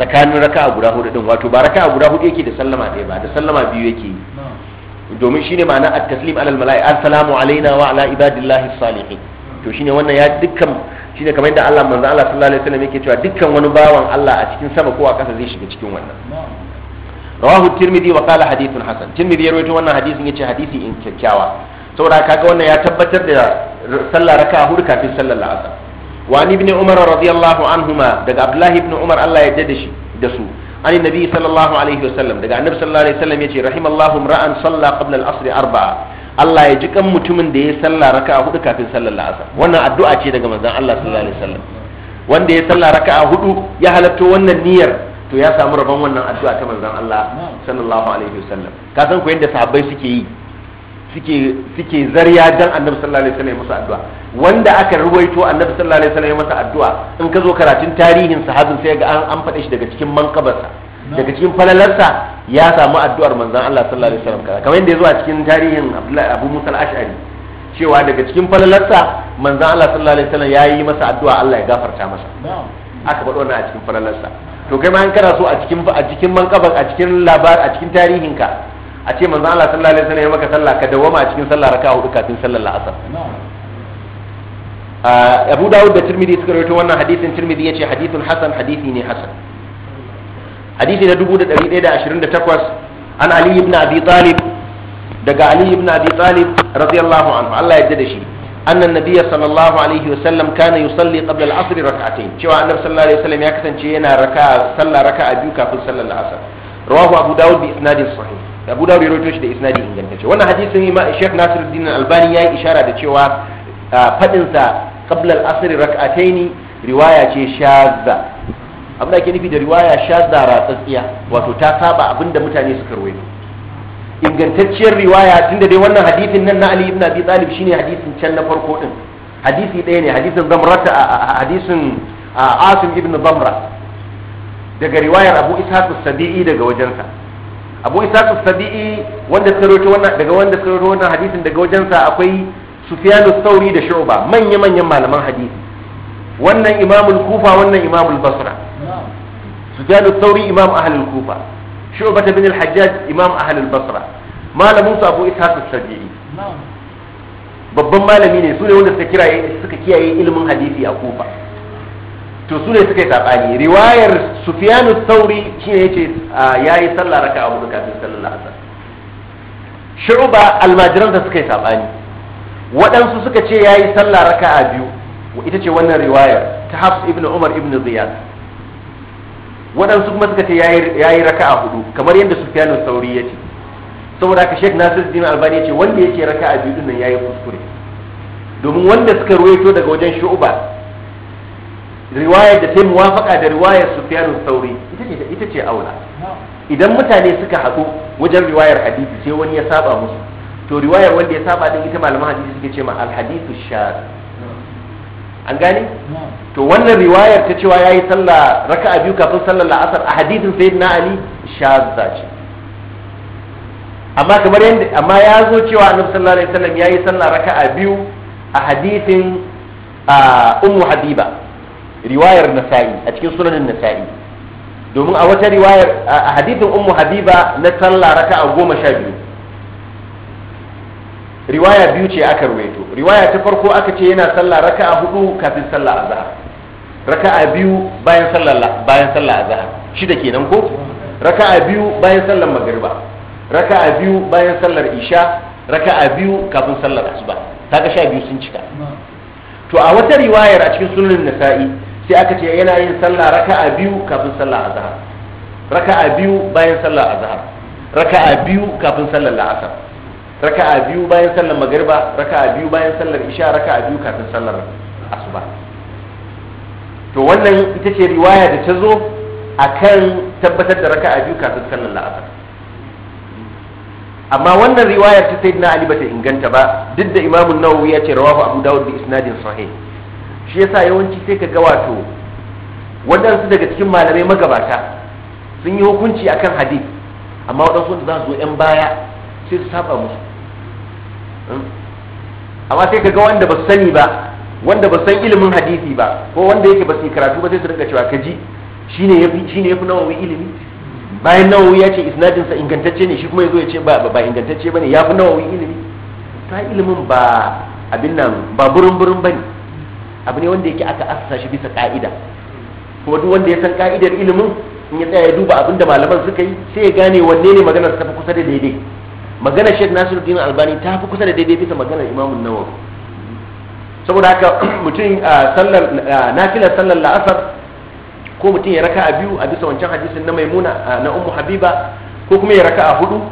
tsakanin raka'a guda hudu din wato ba raka'a guda hudu yake da sallama ɗaya ba da sallama biyu yake yi domin shine ma'ana at-taslim alal mala'i assalamu alayna wa ala ibadillahi salihin to shine wannan ya dukkan shine kamar yadda Allah manzo Allah sallallahu alaihi wasallam yake cewa dukkan wani bawan Allah a cikin sama ko a ƙasa zai shiga cikin wannan rawahu tirmidhi wa qala hadithun hasan tirmidhi ya rawaito wannan hadisin yace hadisi in kyakkyawa saboda kaga wannan ya tabbatar da sallah raka hudu kafin sallar la'asar wa ni ibn umar radiyallahu anhuma daga abdullahi ibn umar Allah ya jada shi da su an nabi sallallahu alaihi wasallam daga annabi sallallahu alaihi wasallam yace rahimallahu ra'an salla qabla al-asr arba'a Allah ya ji kan mutumin da ya sallah raka hudu kafin sallar la'asar wannan addu'a ce daga manzon Allah sallallahu alaihi wasallam wanda ya sallah raka'a hudu ya halatto wannan niyyar to ya samu rabon wannan addu'a ta manzon Allah sallallahu alaihi wasallam ka san ku yadda sahabbai suke yi suke suke zariya dan annabi sallallahu alaihi wasallam masa addu'a wanda aka ruwaito annabi sallallahu alaihi wasallam masa addu'a in ka zo karatun tarihin sahabin sai ga an an faɗe shi daga cikin mankabarsa daga cikin falalarsa ya samu addu'ar manzon Allah sallallahu alaihi wasallam kamar yadda ya zo a cikin tarihin Abu Musa al-Ash'ari cewa daga cikin falalarsa manzon Allah sallallahu alaihi wasallam ya yi masa addu'a Allah ya gafarta masa aka faɗo wannan a cikin falalarsa to kai ma an karaso so a cikin a cikin mankabar a cikin labar a cikin tarihinka a ce manzo Allah sallallahu alaihi wasallam ya maka sallah ka dawama a cikin sallah raka hudu kafin sallar la'asar Abu Dawud da Tirmidhi suka rawaito wannan hadisin Tirmidhi yace hadithun hasan hadithi ne hasan hadisi na 1128 an Ali ibn Abi Talib daga Ali ibn Abi Talib radiyallahu anhu Allah ya da shi أن النبي صلى الله عليه وسلم كان يصلي قبل العصر ركعتين شو أن صلى الله عليه وسلم يكسن شيئا ركعة صلى ركعة بيوكا في صلى العصر رواه أبو داود بإسناد صحيح abu dawud ya rawaito shi da isnadi ingantacce wannan hadisin ma Sheikh Nasiruddin Albani yayi ishara da cewa fadin sa qabla al-asr rak'ataini riwaya ce shazza abin da ake nufi da riwaya shazza ratsatsiya wato ta saba abinda mutane suka rawaito ingantacciyar riwaya tunda dai wannan hadisin nan na Ali ibn Abi Talib shine hadisin can na farko din hadisi ɗaya ne hadisin zamrata hadisin Asim ibn Zamra daga riwayar Abu Ishaq as-Sabi'i daga wajensa abu isa sabi'i wanda suka rawaito wannan daga wanda suka rawaito wannan hadisin daga wajensa akwai sufiyanu sauri da shu'ba manya manyan malaman hadisi wannan imamul kufa wannan imamul basra sufiyanu sauri imam ahlul kufa shu'ba bin al-hajjaj imam ahlul basra malamin su abu isa sabi'i babban malami ne su ne wanda suka kiraye suka kiyaye ilimin hadisi a kufa to su ne suka yi saɓani riwayar sufiyanu sauri shi ne ce ya yi sallah raka a hudu kafin sallar a shu'uba almajiran da suka yi saɓani waɗansu suka ce ya yi sallah raka a biyu ita ce wannan riwayar ta hafsu ibn umar ibn ziyad waɗansu kuma suka ce ya yi raka a hudu kamar yadda sufiyanu sauri ya ce saboda haka sheikh nasir din albani ya ce wanda ya ce raka a biyu din nan ya yi kuskure domin wanda suka ruwaito daga wajen shu'uba Riwaya da ta yi muwafaka da riwayar sufyan sauri ita ce aula idan mutane suka haɗu wajen riwayar hadisi sai wani ya saba musu to riwayar wanda ya saba din ita malaman hadisi suke ce ma alhadithu shar an gane to wannan riwayar ta cewa yayi sallah raka'a biyu kafin sallar la'asar a hadithin sayyidina ali shazza ce amma kamar yadda amma ya zo cewa annabi sallallahu alaihi wasallam yayi sallah raka'a biyu a hadithin ummu habiba riwayar nasa'i a cikin sunanin nasa'i domin a wata riwayar a hadithin ummu habiba na sallah raka'a goma sha biyu riwaya biyu ce aka ruwaito riwaya ta farko aka ce yana sallah raka'a hudu kafin sallah azhar raka'a biyu bayan sallah bayan sallah azhar shida kenan ko raka'a biyu bayan sallar magriba raka'a biyu bayan sallar isha raka'a biyu kafin sallar asuba kaga sha biyu sun cika to a wata riwayar a cikin sunan nasa'i sai aka ce yana yin sallah raka'a biyu kafin sallah azhar raka'a biyu bayan sallah azhar raka'a biyu kafin sallar la'asar raka'a biyu bayan sallar magriba raka'a biyu bayan sallar isha raka'a biyu kafin sallar asuba to wannan ita ce riwaya da ta zo a kan tabbatar da raka'a biyu kafin sallar la'asar amma wannan riwayar ta sayyidina ali bata inganta ba duk da imamun nawawi ya ce rawahu abu dawud bi isnadin sahih shi yasa yawanci sai ka ga wato waɗansu daga cikin malamai magabata sun yi hukunci akan hadith amma waɗansu wanda za su zo 'yan baya sai su saba musu hmm? amma sai ka ga wanda ba su sani ba wanda ba san ilimin hadisi ba ko wanda yake ba su karatu ba sai su rinka cewa ka ji shine yafi shine fi nawawi ilimi bayan nawawi ya ce isnadin sa ingantacce ne shi kuma yazo ya ce ba ba ingantacce bane fi nawawi ilimi ta ilimin ba abin nan ba burin burin bane abu ne wanda yake aka asasa shi bisa ka'ida kuma duk wanda ya san ka'idar ilimin in ya tsaya ya duba abin da malaman suka yi sai ya gane wanne ne maganar ta fi kusa da daidai maganar shek Nasiruddin Albani ta fi kusa da daidai bisa maganar imamun Nawawi saboda haka mutum sallar nafilar sallar la'asar ko mutum ya raka a biyu a bisa wancan hadisin na Maimuna na Ummu Habiba ko kuma ya raka a hudu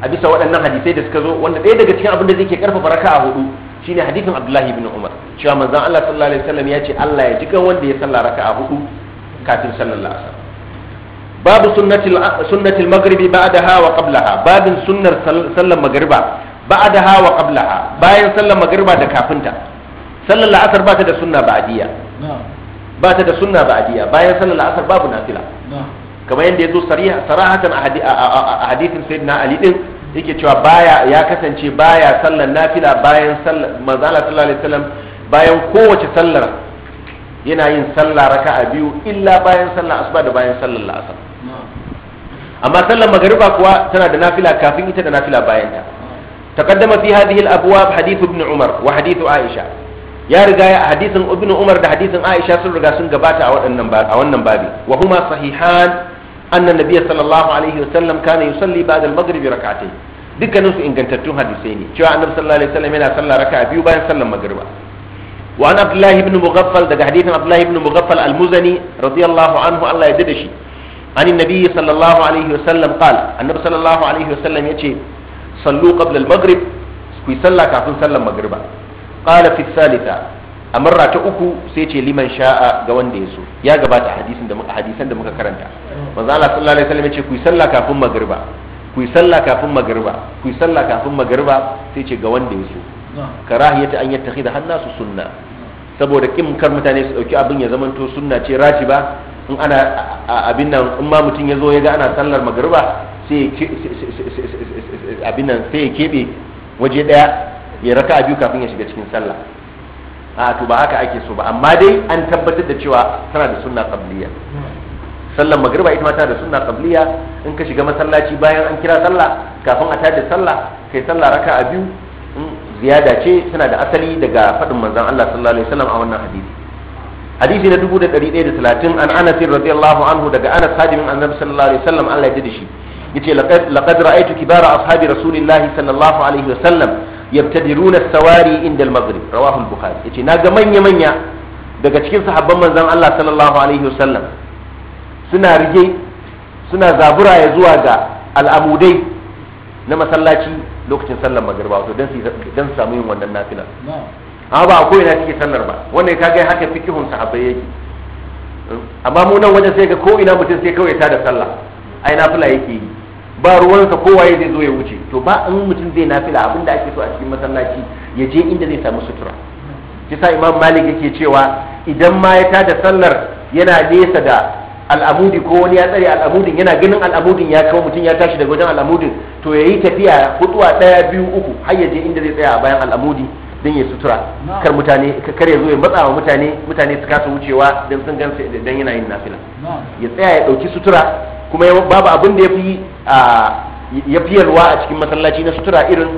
a bisa waɗannan hadisai da suka zo wanda ɗaya daga cikin abin da zai ke karfafa raka a hudu shine hadithin abdullahi ibn umar cewa manzon Allah sallallahu alaihi wasallam ya ce Allah ya jikan wanda ya salla raka'a hudu kafin sallallahu alaihi babu sunnatil sunnatil maghribi ba'daha wa qablaha babin sunnar sallar magriba ba'daha wa qablaha bayan sallar magriba da kafinta sallar la'asar ba ta da sunna ba'diya ba ta da sunna ba'diya bayan sallar la'asar babu nafila kamar yadda yazo sarihatan a hadithin sayyidina ali din yake cewa baya ya kasance baya sallar nafila bayan sallar manzala sallallahu alaihi wasallam bayan kowace sallar yana yin sallah raka'a biyu illa bayan sallar asuba da bayan sallar la'asar amma sallar magariba kuwa tana da nafila kafin ita da nafila bayan ta taqaddama fi hadhihi al-abwab hadith ibn umar wa hadith aisha ya riga ya hadisin ibn umar da hadisin aisha sun riga sun gabata a waɗannan a wannan babi wa huma sahihan annan nabiy sallallahu alaihi wasallam kana yusalli ba'da al-maghrib rak'atayn dukkanin su ingantattun hadisai ne cewa annabi sallallahu alaihi wasallam yana sallah raka'a biyu bayan sallar magriba wa an abdullah ibn mughaffal daga hadithin abdullah ibn mughaffal al-muzani radiyallahu anhu Allah ya dade shi an nabiy sallallahu alaihi wasallam qala annabi sallallahu alaihi wasallam yace sallu qabla al-maghrib ku sallah kafin sallar magriba qala fi thalitha a marra ta uku sai ce liman sha'a ga wanda ya so ya gabata hadisin da muka hadisan da muka karanta manzo Allah sallallahu alaihi wasallam ya ce ku yi sallah kafin magriba ku yi sallah kafin magriba ku yi sallah kafin magriba sai ce ga wanda ya so karahiyata an yattakhidha hannasu sunna saboda kin kar mutane su dauki abin ya zamanto sunna ce ratiba in ana abin nan in ma mutum ya zo ya ga ana sallar magriba sai abin nan sai ya kebe waje daya ya raka biyu kafin ya shiga cikin sallah a to ba haka ake so ba amma dai an tabbatar da cewa tana da sunna qabliya sallar magriba ita ma tana da sunna qabliya in ka shiga masallaci bayan an kira sallah kafin a tada sallah kai sallah raka'a biyu in ziyada ce tana da asali daga faɗin manzon Allah sallallahu alaihi wasallam a wannan hadisi hadisi na 1130 an Anas radiyallahu anhu daga Anas hadimin Annabi sallallahu alaihi wasallam Allah ya ji da shi yace laqad laqad ra'aytu kibara ashabi rasulillahi sallallahu alaihi wasallam yabtadiruna sawari inda al-maghrib rawahu al-bukhari yace naga manya manya daga cikin sahabban manzon Allah sallallahu alaihi wasallam suna rige suna zabura ya zuwa ga al'amudai na masallaci lokacin sallar magriba wato dan dan samu yin wannan nafila amma ba akwai na cikin sallar ba wannan ka ga haka fikihun sahabbai yake amma mu nan wajen sai ga ko ina mutum sai kawai ta da sallah ai nafila yake yi ba ruwansa kowaye zai zo ya wuce to ba in mutum zai nafila abin da ake so a cikin masallaci ya je inda zai samu sutura kisa imam malik yake cewa idan ma ya tada sallar yana nesa da al'amudi ko wani ya tsare al'amudin yana ganin al'amudin ya kawo mutum ya tashi daga wajen al'amudin to ya yi tafiya hutuwa ɗaya biyu uku har ya je inda zai tsaya a bayan al'amudi don ya sutura kar mutane kar ya zo ya matsa wa mutane mutane su kasa wucewa don sun gansa idan yana yin nafila ya tsaya ya ɗauki sutura kuma babu abin da ya fi yalwa a cikin masallaci na sutura irin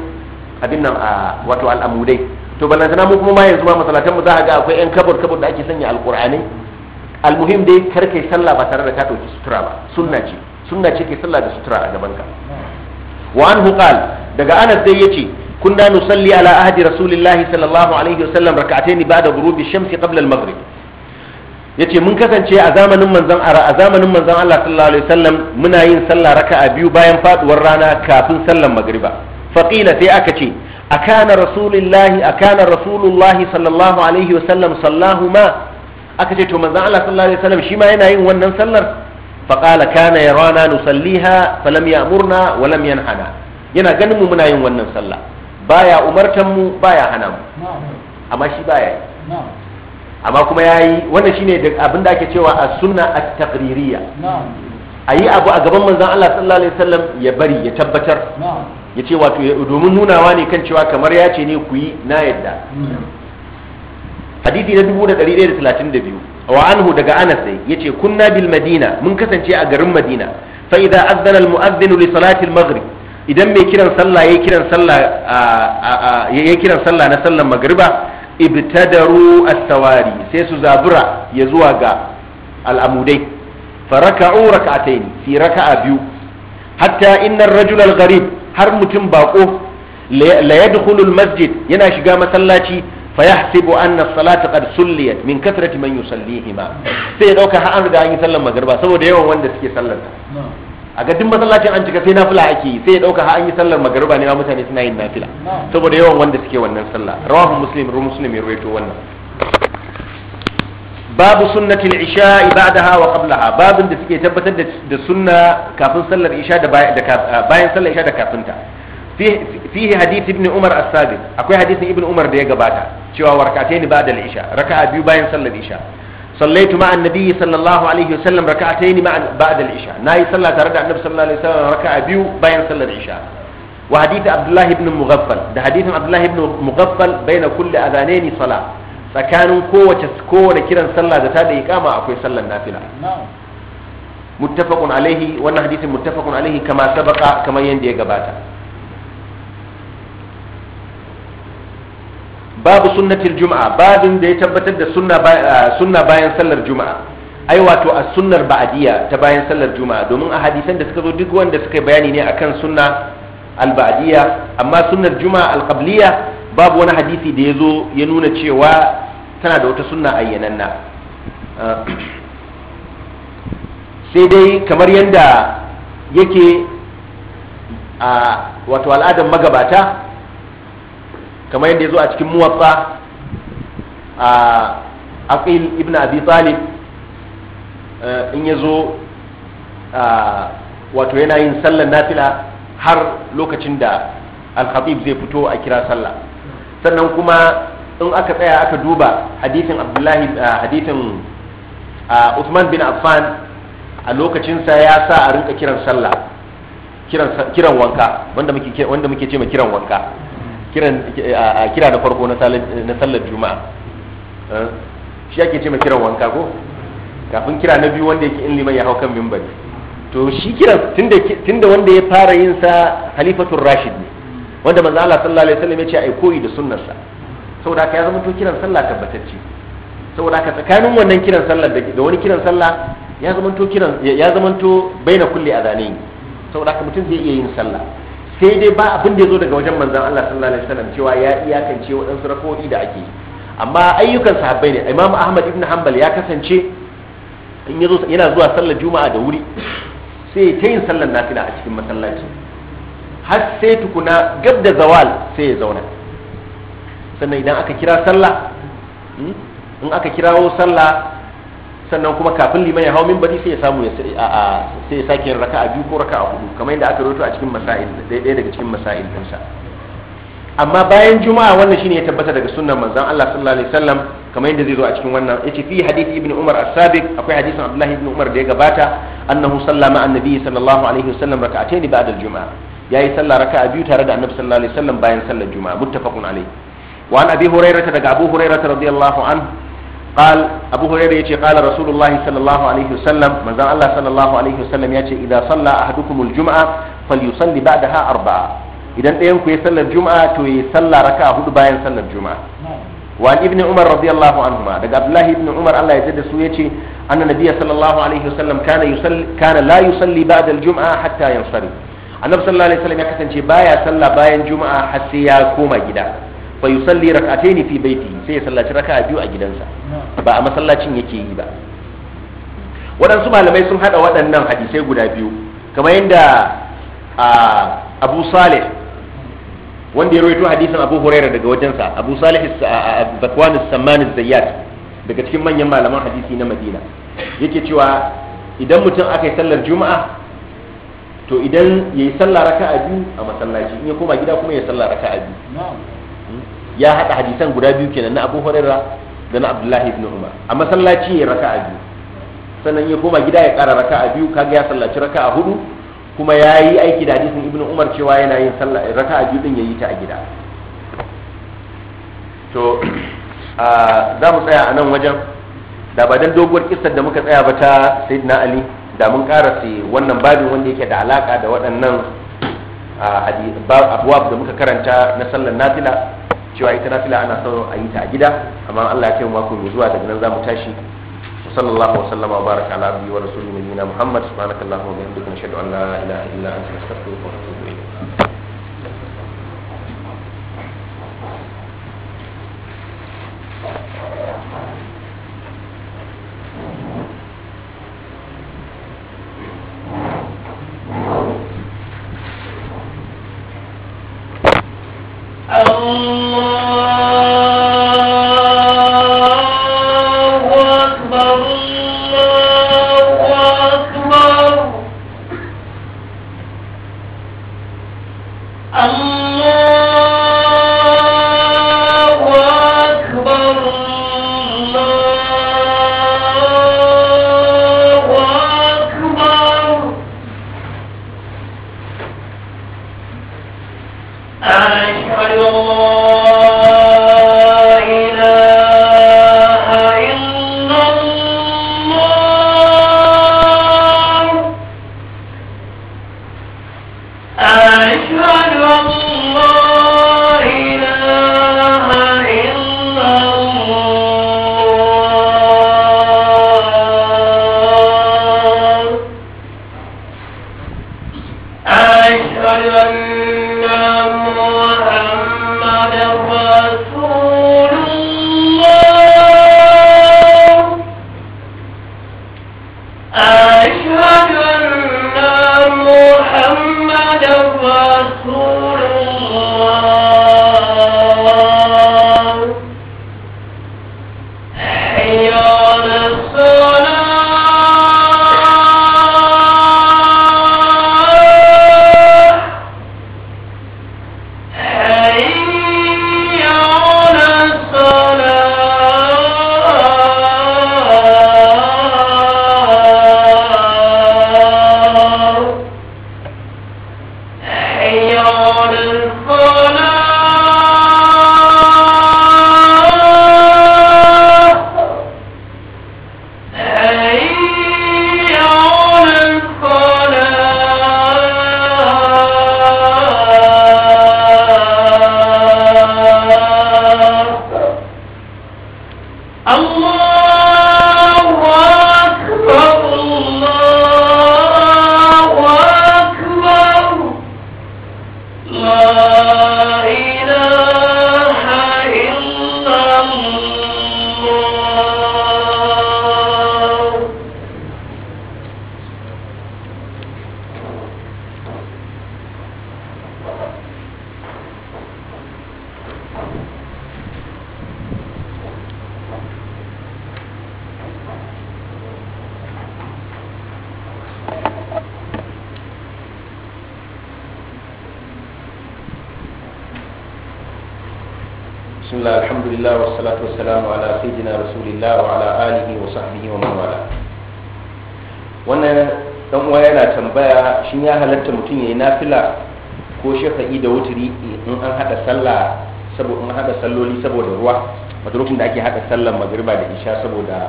abin nan a wato al'amudai to ballantana mu kuma ma yanzu ma masallatan mu za a ga akwai yan kabur kabur da ake sanya alqur'ani almuhim dai kar kai sallah ba tare da ka dauki sutura ba sunna ce sunna ce kai sallah da sutura a gaban ka wa anhu qal daga anas dai yace kunna nusalli ala ahdi rasulillahi sallallahu alaihi wasallam rak'atayn ba'da ghurubi shamsi qabla al-maghrib yace mun kasance a zamanin manzon a zamanin manzon Allah sallallahu alaihi wasallam muna yin sallah raka'a biyu bayan faduwar rana kafin sallar magriba faqila sai aka ce akana rasulullahi akana rasulullahi sallallahu alaihi wasallam sallahu ma aka ce to manzon Allah sallallahu alaihi wasallam shi ma yana yin wannan sallar faqala kana yarana nusalliha falam ya'murna wa lam yanhana yana ganin mu muna yin wannan sallah baya umartan mu baya hana mu amma shi baya yi amma kuma ya yi wannan shine abin da ake cewa a sunna a takririya a yi abu a gaban manzan Allah sallallahu alaihi wasallam ya bari ya tabbatar ya ce wato domin nunawa ne kan cewa kamar ya ce ne ku yi na yadda hadisi na 1132 wa anhu daga anas ya ce kunna bil madina mun kasance a garin madina fa idza azana al mu'adhdhin li salati al maghrib idan mai kiran sallah ya kiran sallah kiran sallah na sallar magriba ibtadaru as-sawari sai su zabira ya zuwa ga al’amudai faraka’u raka’atain fi raka’a biyu hatta inna rajul al har mutum baƙo la yadkhulul masjid yana shiga masallaci fa yahsibu anna as-salata qad sulliyat min kathrati man yusallihima sai dauka har an ga an yi sallar magriba saboda yawan wanda suke sallar a ga duk masallacin an cika sai nafila ake yi sai ya dauka har an yi sallar magariba ne ma mutane suna yin nafila saboda yawan wanda suke wannan sallah rawahu muslim ru muslim ya wannan babu sunnati al-isha ba'daha wa qablaha babin da suke tabbatar da sunna kafin sallar isha da bayan sallar isha da kafinta fihi hadith ibn umar as sabit akwai hadith ibn umar da ya gabata cewa ne ba'da al-isha raka'a biyu bayan sallar isha sallaitu ma annabi sallallahu alaihi wasallam raka'atayn ma ba'd al-isha nayi sallah tare da annabi sallallahu alaihi wasallam raka'a biyu bayan sallar isha wa hadith abdullah ibn mughaffal da hadithin abdullah ibn mughaffal baina kulli adhanayn salah tsakanin kowace kowace kiran sallah da ta da iqama akwai sallar nafila muttafaqun alaihi wannan hadithin muttafaqun alaihi kama sabaqa kamar yanda ya gabata babu sunnatil juma'a babin da ya tabbatar da sunna bayan sallar juma'a ai wato a sunnar ba'adiyya ta bayan sallar juma'a domin a hadisan da suka zo duk wanda suka bayani ne akan sunna al alba'adiyya amma sunnar juma'a al alqabliya babu wani hadisi da ya zo ya nuna cewa tana da wata sunna ayyananna sai dai kamar yadda yake a wato al'adar magabata kamar yadda ya zo a cikin muwatsa a aqil ibn abi talib eh, in ya zo wato yana yin sallar nafila har lokacin da al-khatib zai fito a kira sallah sannan kuma in aka tsaya aka duba hadithin abdullahi hadithin Uthman bin Affan a lokacinsa ya sa a rinka kiran sallah kiran wanka wanda muke ce ma kiran wanka kira na farko na sallar juma'a eh? shi ake ce ma kiran wanka ko kafin kira na biyu wanda yake in liman ya hau kan mimbari to shi kiran tunda wanda ya fara yin sa halifatun rashid ne wanda manzo Allah sallallahu alaihi wasallam ya ce ai koyi da sa saboda haka ya zama to kiran sallah tabbatacce saboda haka tsakanin wannan kiran sallah da wani kiran sallah ya zama to kiran ya zama to baina kulli adanain saboda haka mutum zai iya yin sallah sai dai ba abin da ya zo daga wajen manzan Allah sallallahu alaihi wasallam cewa ya iyakance waɗansu rakoi da ake amma ayyukan sahabbai ne Imam Ahmad ibn Hanbal ya kasance in yazo yana zuwa sallar juma'a da wuri sai ta yin sallar nafila a cikin masallaci har sai tukuna gab da zawal sai ya zauna sannan idan aka kira sallah hmm, in aka kirawo sallah sannan kuma kafin liman ya hau min bari sai ya samu sai ya sake yin raka'a biyu ko raka'a hudu kamar yadda aka roto a cikin masail ɗaya daga cikin masail ɗinsa amma bayan juma'a wannan shine ya tabbata daga sunnan manzon Allah sallallahu alaihi wasallam kamar yadda zai zo a cikin wannan yace fi hadisi ibn Umar as-Sabiq akwai hadisin Abdullah ibn Umar da ya gabata annahu sallama annabi sallallahu alaihi wasallam raka'atayn ba'da al-juma'a yayi sallah raka'a biyu tare da annabi sallallahu alaihi wasallam bayan sallar juma'a muttafaqun alaihi wa an abi hurairah daga abu hurairah radiyallahu anhu قال أبو هريرة يتي قال رسول الله صلى الله عليه وسلم من ذا الله صلى الله عليه وسلم يتي إذا صلى أحدكم الجمعة فليصلي بعدها أربعة إذا أنت يصلى الجمعة تو يصلى ركعة هدو باين صلى الجمعة وعن ابن عمر رضي الله عنهما دق عبد الله بن عمر الله يجد سويتي أن النبي صلى الله عليه وسلم كان يصلي كان لا يصلي بعد الجمعة حتى ينصرف النبي صلى الله عليه وسلم يكتنشي بايا صلى باين جمعة حتى يقوم جدا fa yusalli rak'atayn fi baiti sai ya sallaci raka'a biyu a gidansa ba a masallacin yake yi ba waɗansu malamai sun haɗa waɗannan hadisai guda biyu kamar yadda abu salih wanda ya rawaito hadisin abu huraira daga wajensa abu salih bakwan samman zayyat daga cikin manyan malaman hadisi na madina yake cewa idan mutum aka yi sallar juma'a to idan ya yi sallar raka'a biyu a masallaci in ya koma gida kuma ya sallar raka'a biyu ya haɗa hadisan guda biyu kenan na abu hurairah da na abdullahi ibn umar a masallaci ya raka'a biyu sannan ya koma gida ya ƙara raka'a biyu kaga ya sallaci raka'a hudu kuma ya yi aiki da hadisin ibn umar cewa yana yin sallah raka'a biyu din ya yi ta a gida to za mu tsaya a nan wajen da ba dan doguwar kissar da muka tsaya ba ta sayyidina ali da mun karasi wannan babin wanda yake da alaka da waɗannan abubuwa da muka karanta na sallar nafila cewa ita nafila ana son a yi ta a gida amma Allah ya kai mako mai zuwa daga nan za mu tashi وصلى الله وسلم وبارك على عبده ورسوله نبينا محمد سبحانك اللهم وبحمدك نشهد ان لا اله الا انت نستغفرك ونتوب اليك Oh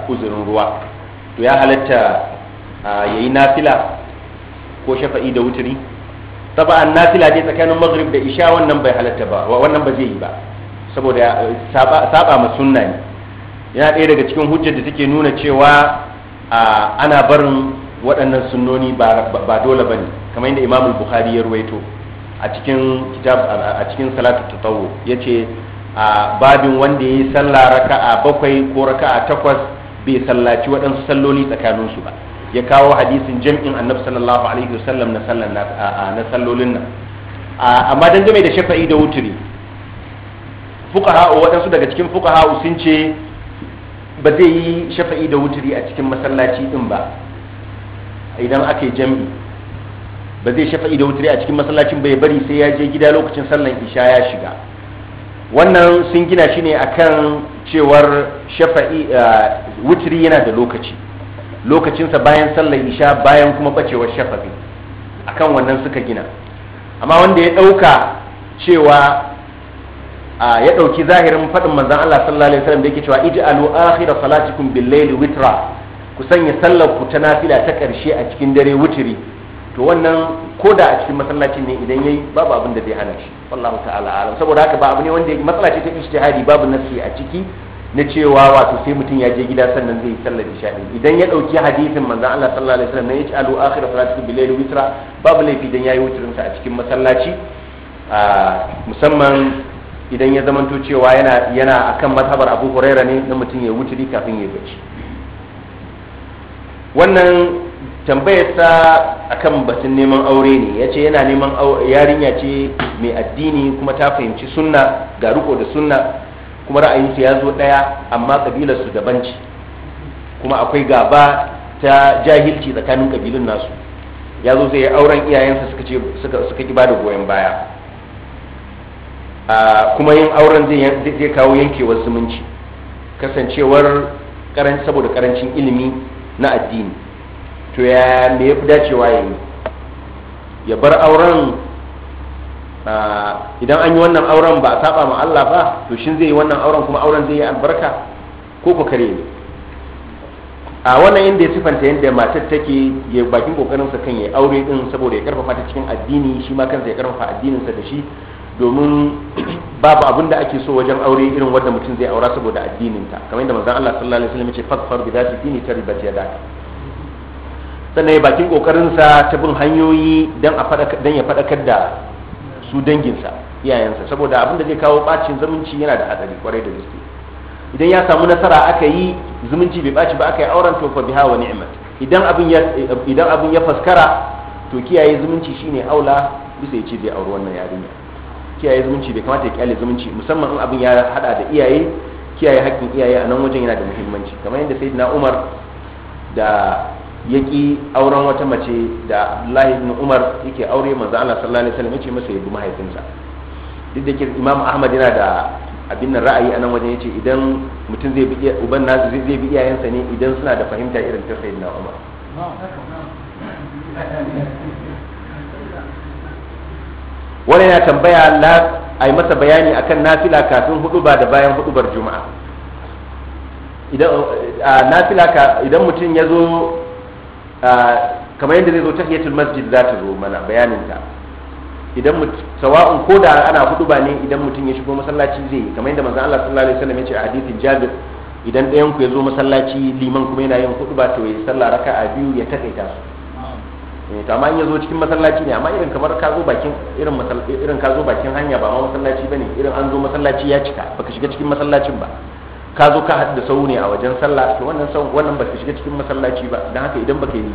uzurin ruwa to ya halatta ya yi nafila ko shafa'i da wuturi an nafila dai tsakanin maghrib da isha wannan bai halatta ba wannan ba zai yi ba saboda saba ma sunna ne yana ɗaya daga cikin hujjar da take nuna cewa ana barin waɗannan sunnoni ba dole ba ne kamar yadda imam bukhari ya ruwaito a cikin kitab a cikin salatu tatawu ya ce babin wanda yayi sallah raka'a bakwai ko raka'a takwas bai sallaci waɗansu salloli tsakaninsu ba ya kawo hadisin jam'in annabi sallallahu alaihi wasallam na sallan na sallolin nan amma dangane da shafa'i da wuturi fuqaha'u waɗansu daga cikin fuqaha'u sun ce ba zai yi shafa'i da wuturi a cikin masallaci din ba idan aka yi jam'i ba zai shafa'i da wuturi a cikin masallacin bai bari sai ya je gida lokacin sallan isha ya shiga wannan sun gina shi ne akan cewar shafa'i yana da lokaci lokacinsa bayan sallar isha bayan kuma bacewar shafa'i akan wannan suka gina amma wanda ya ɗauka cewa ya ɗauki zahirin faɗin manzan Allah sallallahu alaihi wasallam da yake cewa alu akhira salatikum bil-layli witra ku sanya sallar ku ta nafila ta ƙarshe a cikin dare wuturi. to wannan ko da a cikin masallaci ne idan yayi babu abin da zai hana shi wallahu ta'ala alam saboda haka ba abu ne wanda matsala ce ta ijtihadi babu nasi a ciki na cewa wato sai mutum ya je gida sannan zai sallar isha din idan ya ɗauki hadisin manzan Allah sallallahu alaihi wasallam na yace alu akhir salati bil layl witra babu laifi idan yayi witrin sa a cikin masallaci musamman idan ya zamanto cewa yana yana akan mazhabar Abu Hurairah ne na mutum ya wuturi kafin ya gaci wannan tambayar ta akan batun neman aure ne ya ce yana neman yarinya ce mai addini kuma ta fahimci sunna ga riko da sunna kuma ra'ayinsu ya zo ɗaya amma ƙabilarsu daban ce kuma akwai gaba ta jahilci tsakanin ƙabilun nasu ya zo sai auren iyayensa suka ce suka ki bada goyon baya kuma yin auren zai kawo yankewar zumunci kasancewar saboda ƙarancin ilimi na addini to ya me ya fi dacewa ya yi ya bar auren idan an yi wannan auren ba a saba ma Allah ba to shin zai yi wannan auren kuma auren zai yi albarka ko ku kare ne a wannan inda ya sifanta yadda matar take ya bakin sa kan ya aure din saboda ya karfafa ta cikin addini shi ma kansa ya karfafa addininsa da shi domin babu abin da ake so wajen aure irin wanda mutum zai aura saboda addininta kamar yadda manzon Allah sallallahu alaihi wasallam ya ce fakfar bi zati dini taribat yadaka sannan ya bakin kokarinsa ta bin hanyoyi don ya faɗakar da su danginsa iyayensa saboda abin da zai kawo bacin zumunci yana da hatsari kwarai da gaske idan ya samu nasara aka yi zumunci bai baci ba aka yi auren to fa biha wa ni'mat idan abin ya faskara to kiyaye zumunci shine aula bisa ya ce zai auri wannan yarinya kiyaye zumunci bai kamata ya kyale zumunci musamman in abin ya hada da iyaye kiyaye haƙƙin iyaye a nan wajen yana da muhimmanci kamar yadda na Umar da ya ƙi auren wata mace da abdullahi ibn umar yake aure manzo Allah sallallahu alaihi wasallam yace masa ya bi mahaifinsa duk da ke imam ahmad yana da abin nan ra'ayi a nan wajen yace idan mutum zai bi uban nasu zai bi iyayensa ne idan suna da fahimta irin ta sayyidina umar wani ya tambaya Allah a yi masa bayani akan nafila kafin hudu ba da bayan hudubar juma'a idan nafila idan mutum ya zo kamar yadda zai zo hiyatul masjid za ta zo mana bayanin ta idan sawa'un ko da ana hudu ba ne idan mutum ya shigo masallaci zai yi kamar yadda manzo Allah sallallahu alaihi wasallam ya ce a hadithin Jabir idan ɗayan ku ya zo masallaci liman kuma yana yin hudu ba to ya sallah raka'a biyu ya takaita su to amma in ya zo cikin masallaci ne amma irin kamar ka zo bakin irin irin ka zo bakin hanya ba ma masallaci bane irin an zo masallaci ya cika baka shiga cikin masallacin ba ka zo ka haɗu da sau ne a wajen sallah to wannan sau wannan ba ka shiga cikin masallaci ba don haka idan baka yi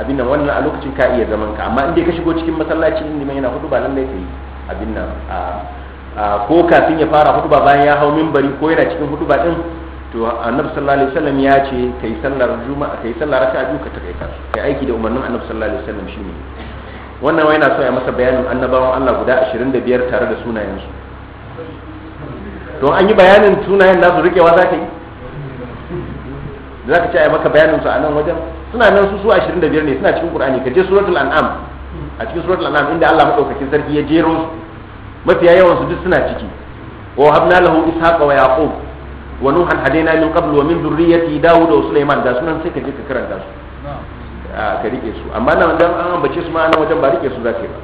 abin nan wannan a lokacin ka iya zaman ka amma inda ka shigo cikin masallaci ne mai yana hudu ba lallai ka yi abin nan ko kafin ya fara hudu ba bayan ya hau minbari ko yana cikin hudu ba din to annabi sallallahu alaihi wasallam ya ce kai sallar juma'a kai sallar raka'a biyu ka takaita kai aiki da umarnin annabi sallallahu alaihi wasallam shine wannan wai yana so ya masa bayanin annabawan Allah guda 25 tare da sunayen su. to an yi bayanin sunayen nasu rikewa za ka yi za ka ce a maka bayanin su a nan wajen suna nan su su 25 ne suna cikin qur'ani ka je suratul an'am a cikin suratul an'am inda Allah madaukakin sarki ya jero su mafiya yawan su duk suna ciki wa habna lahu ishaqa wa yaqub wa nuhan hadaina min qabl wa min dhurriyyati daud wa sulaiman ga sunan sai ka je ka karanta su ka rike su amma nan dan an ambace su ma nan wajen ba rike su za ka yi ba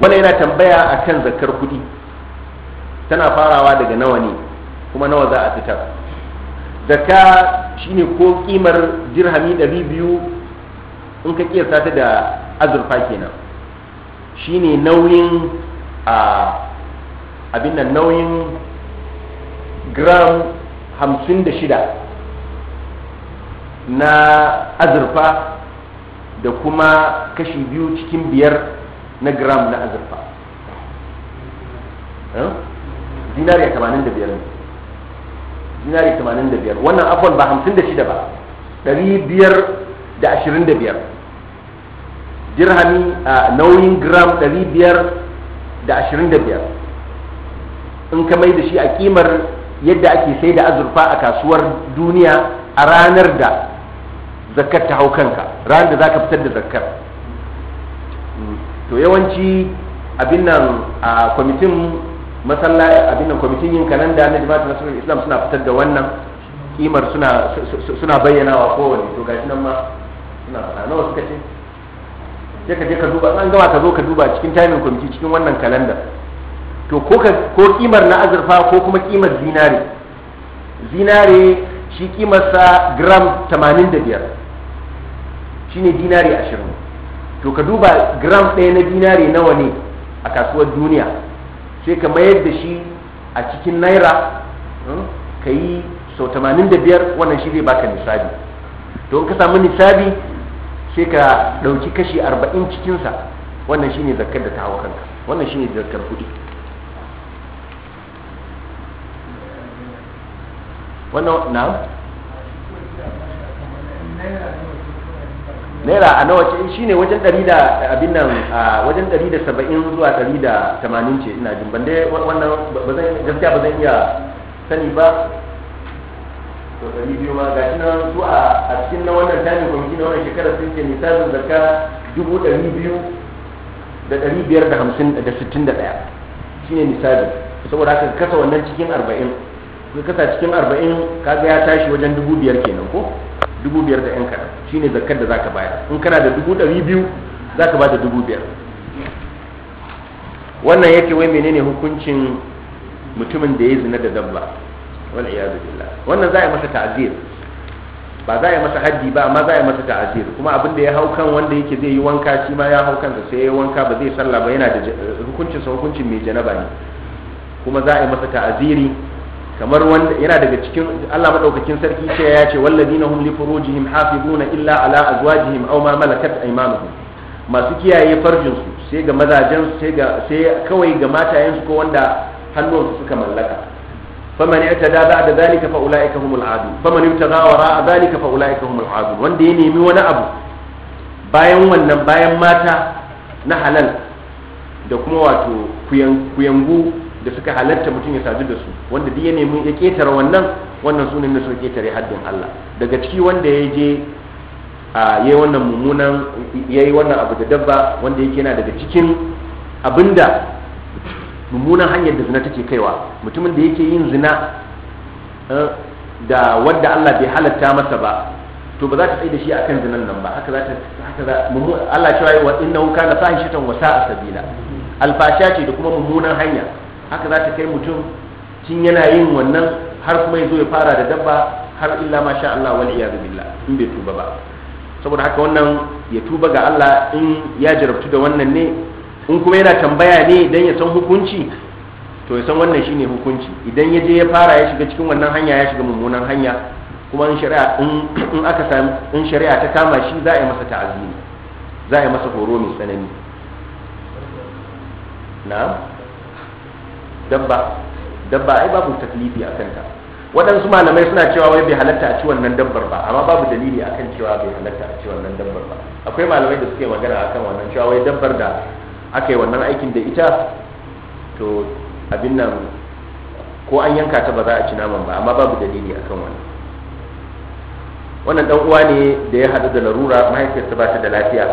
wannan yana tambaya akan zakar kuɗi tana farawa daga nawa ne kuma nawa za a fitar zakka shine ko kimar dirhami ɗari biyu in ka kiyasa ta da azurfa kenan shine nauyin a abin nan nauyin gram hamsin da shida na azurfa da kuma kashi biyu cikin biyar na gram na azurfa eh? zinariya 85 ne zinariya biyar wannan afwan ba hamsin da shida ba biyar da da ashirin biyar dirhami a nauyin gram biyar in ka mai da shi a kimar yadda ake sai da azurfa a kasuwar duniya a ranar da zakar ta hau kanka ranar da za ka fitar da zakar hmm. to yawanci abin nan a kwamitin masallaci abinda kwamitin yin da na mata nasarar islam suna fitar da wannan kimar suna suna bayyana wa kowane to gashi nan ma suna faɗa nawa suka ce sai ka je ka duba an gama ka zo ka duba cikin timing kwamiti cikin wannan kalanda to ko ka ko kimar na azurfa ko kuma kimar zinare zinare shi kimarsa gram 85 shine dinari 20 to ka duba gram ɗaya na dinari nawa ne a kasuwar duniya sai ka mayar da shi a cikin naira hmm, ka yi sau 85 wannan shi zai baka nisabi to ka samu nisabi sai ka ɗauki kashi 40 cikinsa wannan shi ne zakar da ta hawa kanka wannan shi ne zakar kuɗi wannan na? naira a nawa ce ne wajen ɗari da abin nan wajen ɗari da saba'in zuwa ɗari da tamanin ce ina jin ban dai wannan ba gaskiya ba zan iya sani ba to ɗari biyu ma shi nan su a cikin na wannan tamin kwamiti na wannan shekarar sun ce misalin zarka dubu ɗari biyu da ɗari biyar da hamsin da sittin da ɗaya shine misalin saboda haka kasa wannan cikin arba'in kasa cikin arba'in kaga ya tashi wajen dubu biyar kenan ko dubu biyar da yan kaɗan ne zakar da zaka bayar in kana da dubu ɗari biyu ka ba da dubu biyar wannan yake wai menene hukuncin mutumin da ya zina da dabba wal iyadu billah wannan za a yi masa ta'azir ba za a yi masa haddi ba amma za a yi masa ta'azir kuma abin da ya hau kan wanda yake zai yi wanka shi ma ya hau kansa sai ya wanka ba zai sallah ba yana da hukuncin sa hukuncin mai janaba ne kuma za a yi masa ta'aziri kamar wanda yana daga cikin Allah madaukakin sarki ce ya ce walladina hum li furujihim hafizuna illa ala azwajihim aw ma malakat aymanuhum masu kiyaye farjin su sai ga mazajen sai ga sai kawai ga matayen su ko wanda hannun su suka mallaka faman i'tada ba'da zalika fa ulaika humul adun faman ibtaga wara zalika fa ulaika humul adun wanda ya nemi wani abu bayan wannan bayan mata na halal da kuma wato kuyangu da suka halatta mutum ya sadu da su wanda duk ya nemi ya ketare wannan wannan su ne na suka ketare haddin Allah daga ciki wanda ya je a yayi wannan mummunan yayi wannan abu da dabba wanda yake yana daga cikin abinda mummunan hanyar da zina take kaiwa mutumin da yake yin zina da wanda Allah bai halatta masa ba to ba za ta tsaye da shi akan zinan nan ba haka za ta haka za Allah cewa wa innahu kana fahishatan wa sa'a sabila alfasha ce da kuma mummunan hanya haka za ta kai mutum tun yana yin wannan har kuma ya zo ya fara da dabba har illa ma sha Allah wani iyadu la in bai tuba ba saboda haka wannan ya tuba ga Allah in ya jarabtu da wannan ne in kuma yana tambaya ne idan ya san hukunci to ya san wannan shine hukunci idan ya je ya fara ya shiga cikin wannan hanya ya shiga mummunan hanya kuma in shari'a in aka samu in shari'a ta kama shi za a yi masa ta'azimi za a yi masa horo mai tsanani na'am dabba dabba ai babu taklifi akan ta waɗansu malamai suna cewa wai bai halatta a ci wannan dabbar ba amma babu dalili akan cewa bai halatta a ci wannan dabbar ba akwai malamai da suke magana akan wannan cewa wai dabbar da aka yi wannan aikin da ita to abin nan ko an yanka ta ba za a ci naman ba amma babu dalili akan wannan wannan dan uwa ne da ya hadu da larura mahaifiyarsa ba ta da lafiya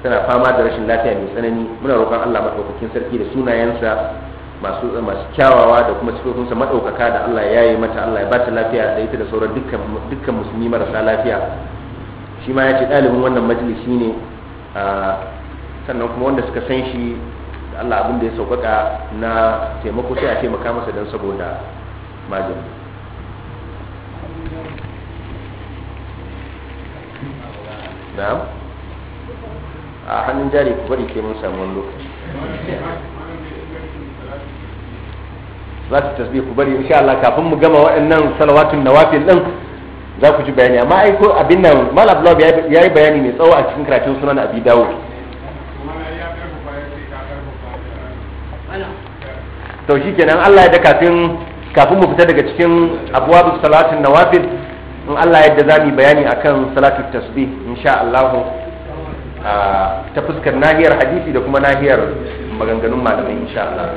tana fama da rashin lafiya mai tsanani muna roƙon Allah madaukakin sarki da sunayensa masu masu kyawawa da kuma sifofinsa madaukaka da Allah ya yi mata Allah ya ba ta lafiya da ita da sauran dukkan dukkan musulmi marasa lafiya shi ma ya ce ɗalibin wannan majalisi ne sannan kuma wanda suka san shi da Allah abin da ya sauƙaƙa na taimako sai a taimaka masa don saboda majin. na'am a hannun jari ku bari ke mun samu wani lokaci za su tasbih ku bari insha Allah kafin mu gama waɗannan salawatun nawafil din za ku ji bayani amma ai ko abin nan mal abdullah ya yi bayani mai tsawo a cikin karatun sunan abi dawud to kenan Allah ya da kafin kafin mu fita daga cikin abwabus salatin nawafil in Allah ya da za mu bayani akan salatu tasbih insha Allah ta fuskar nahiyar hadisi da kuma nahiyar maganganun malamai insha Allah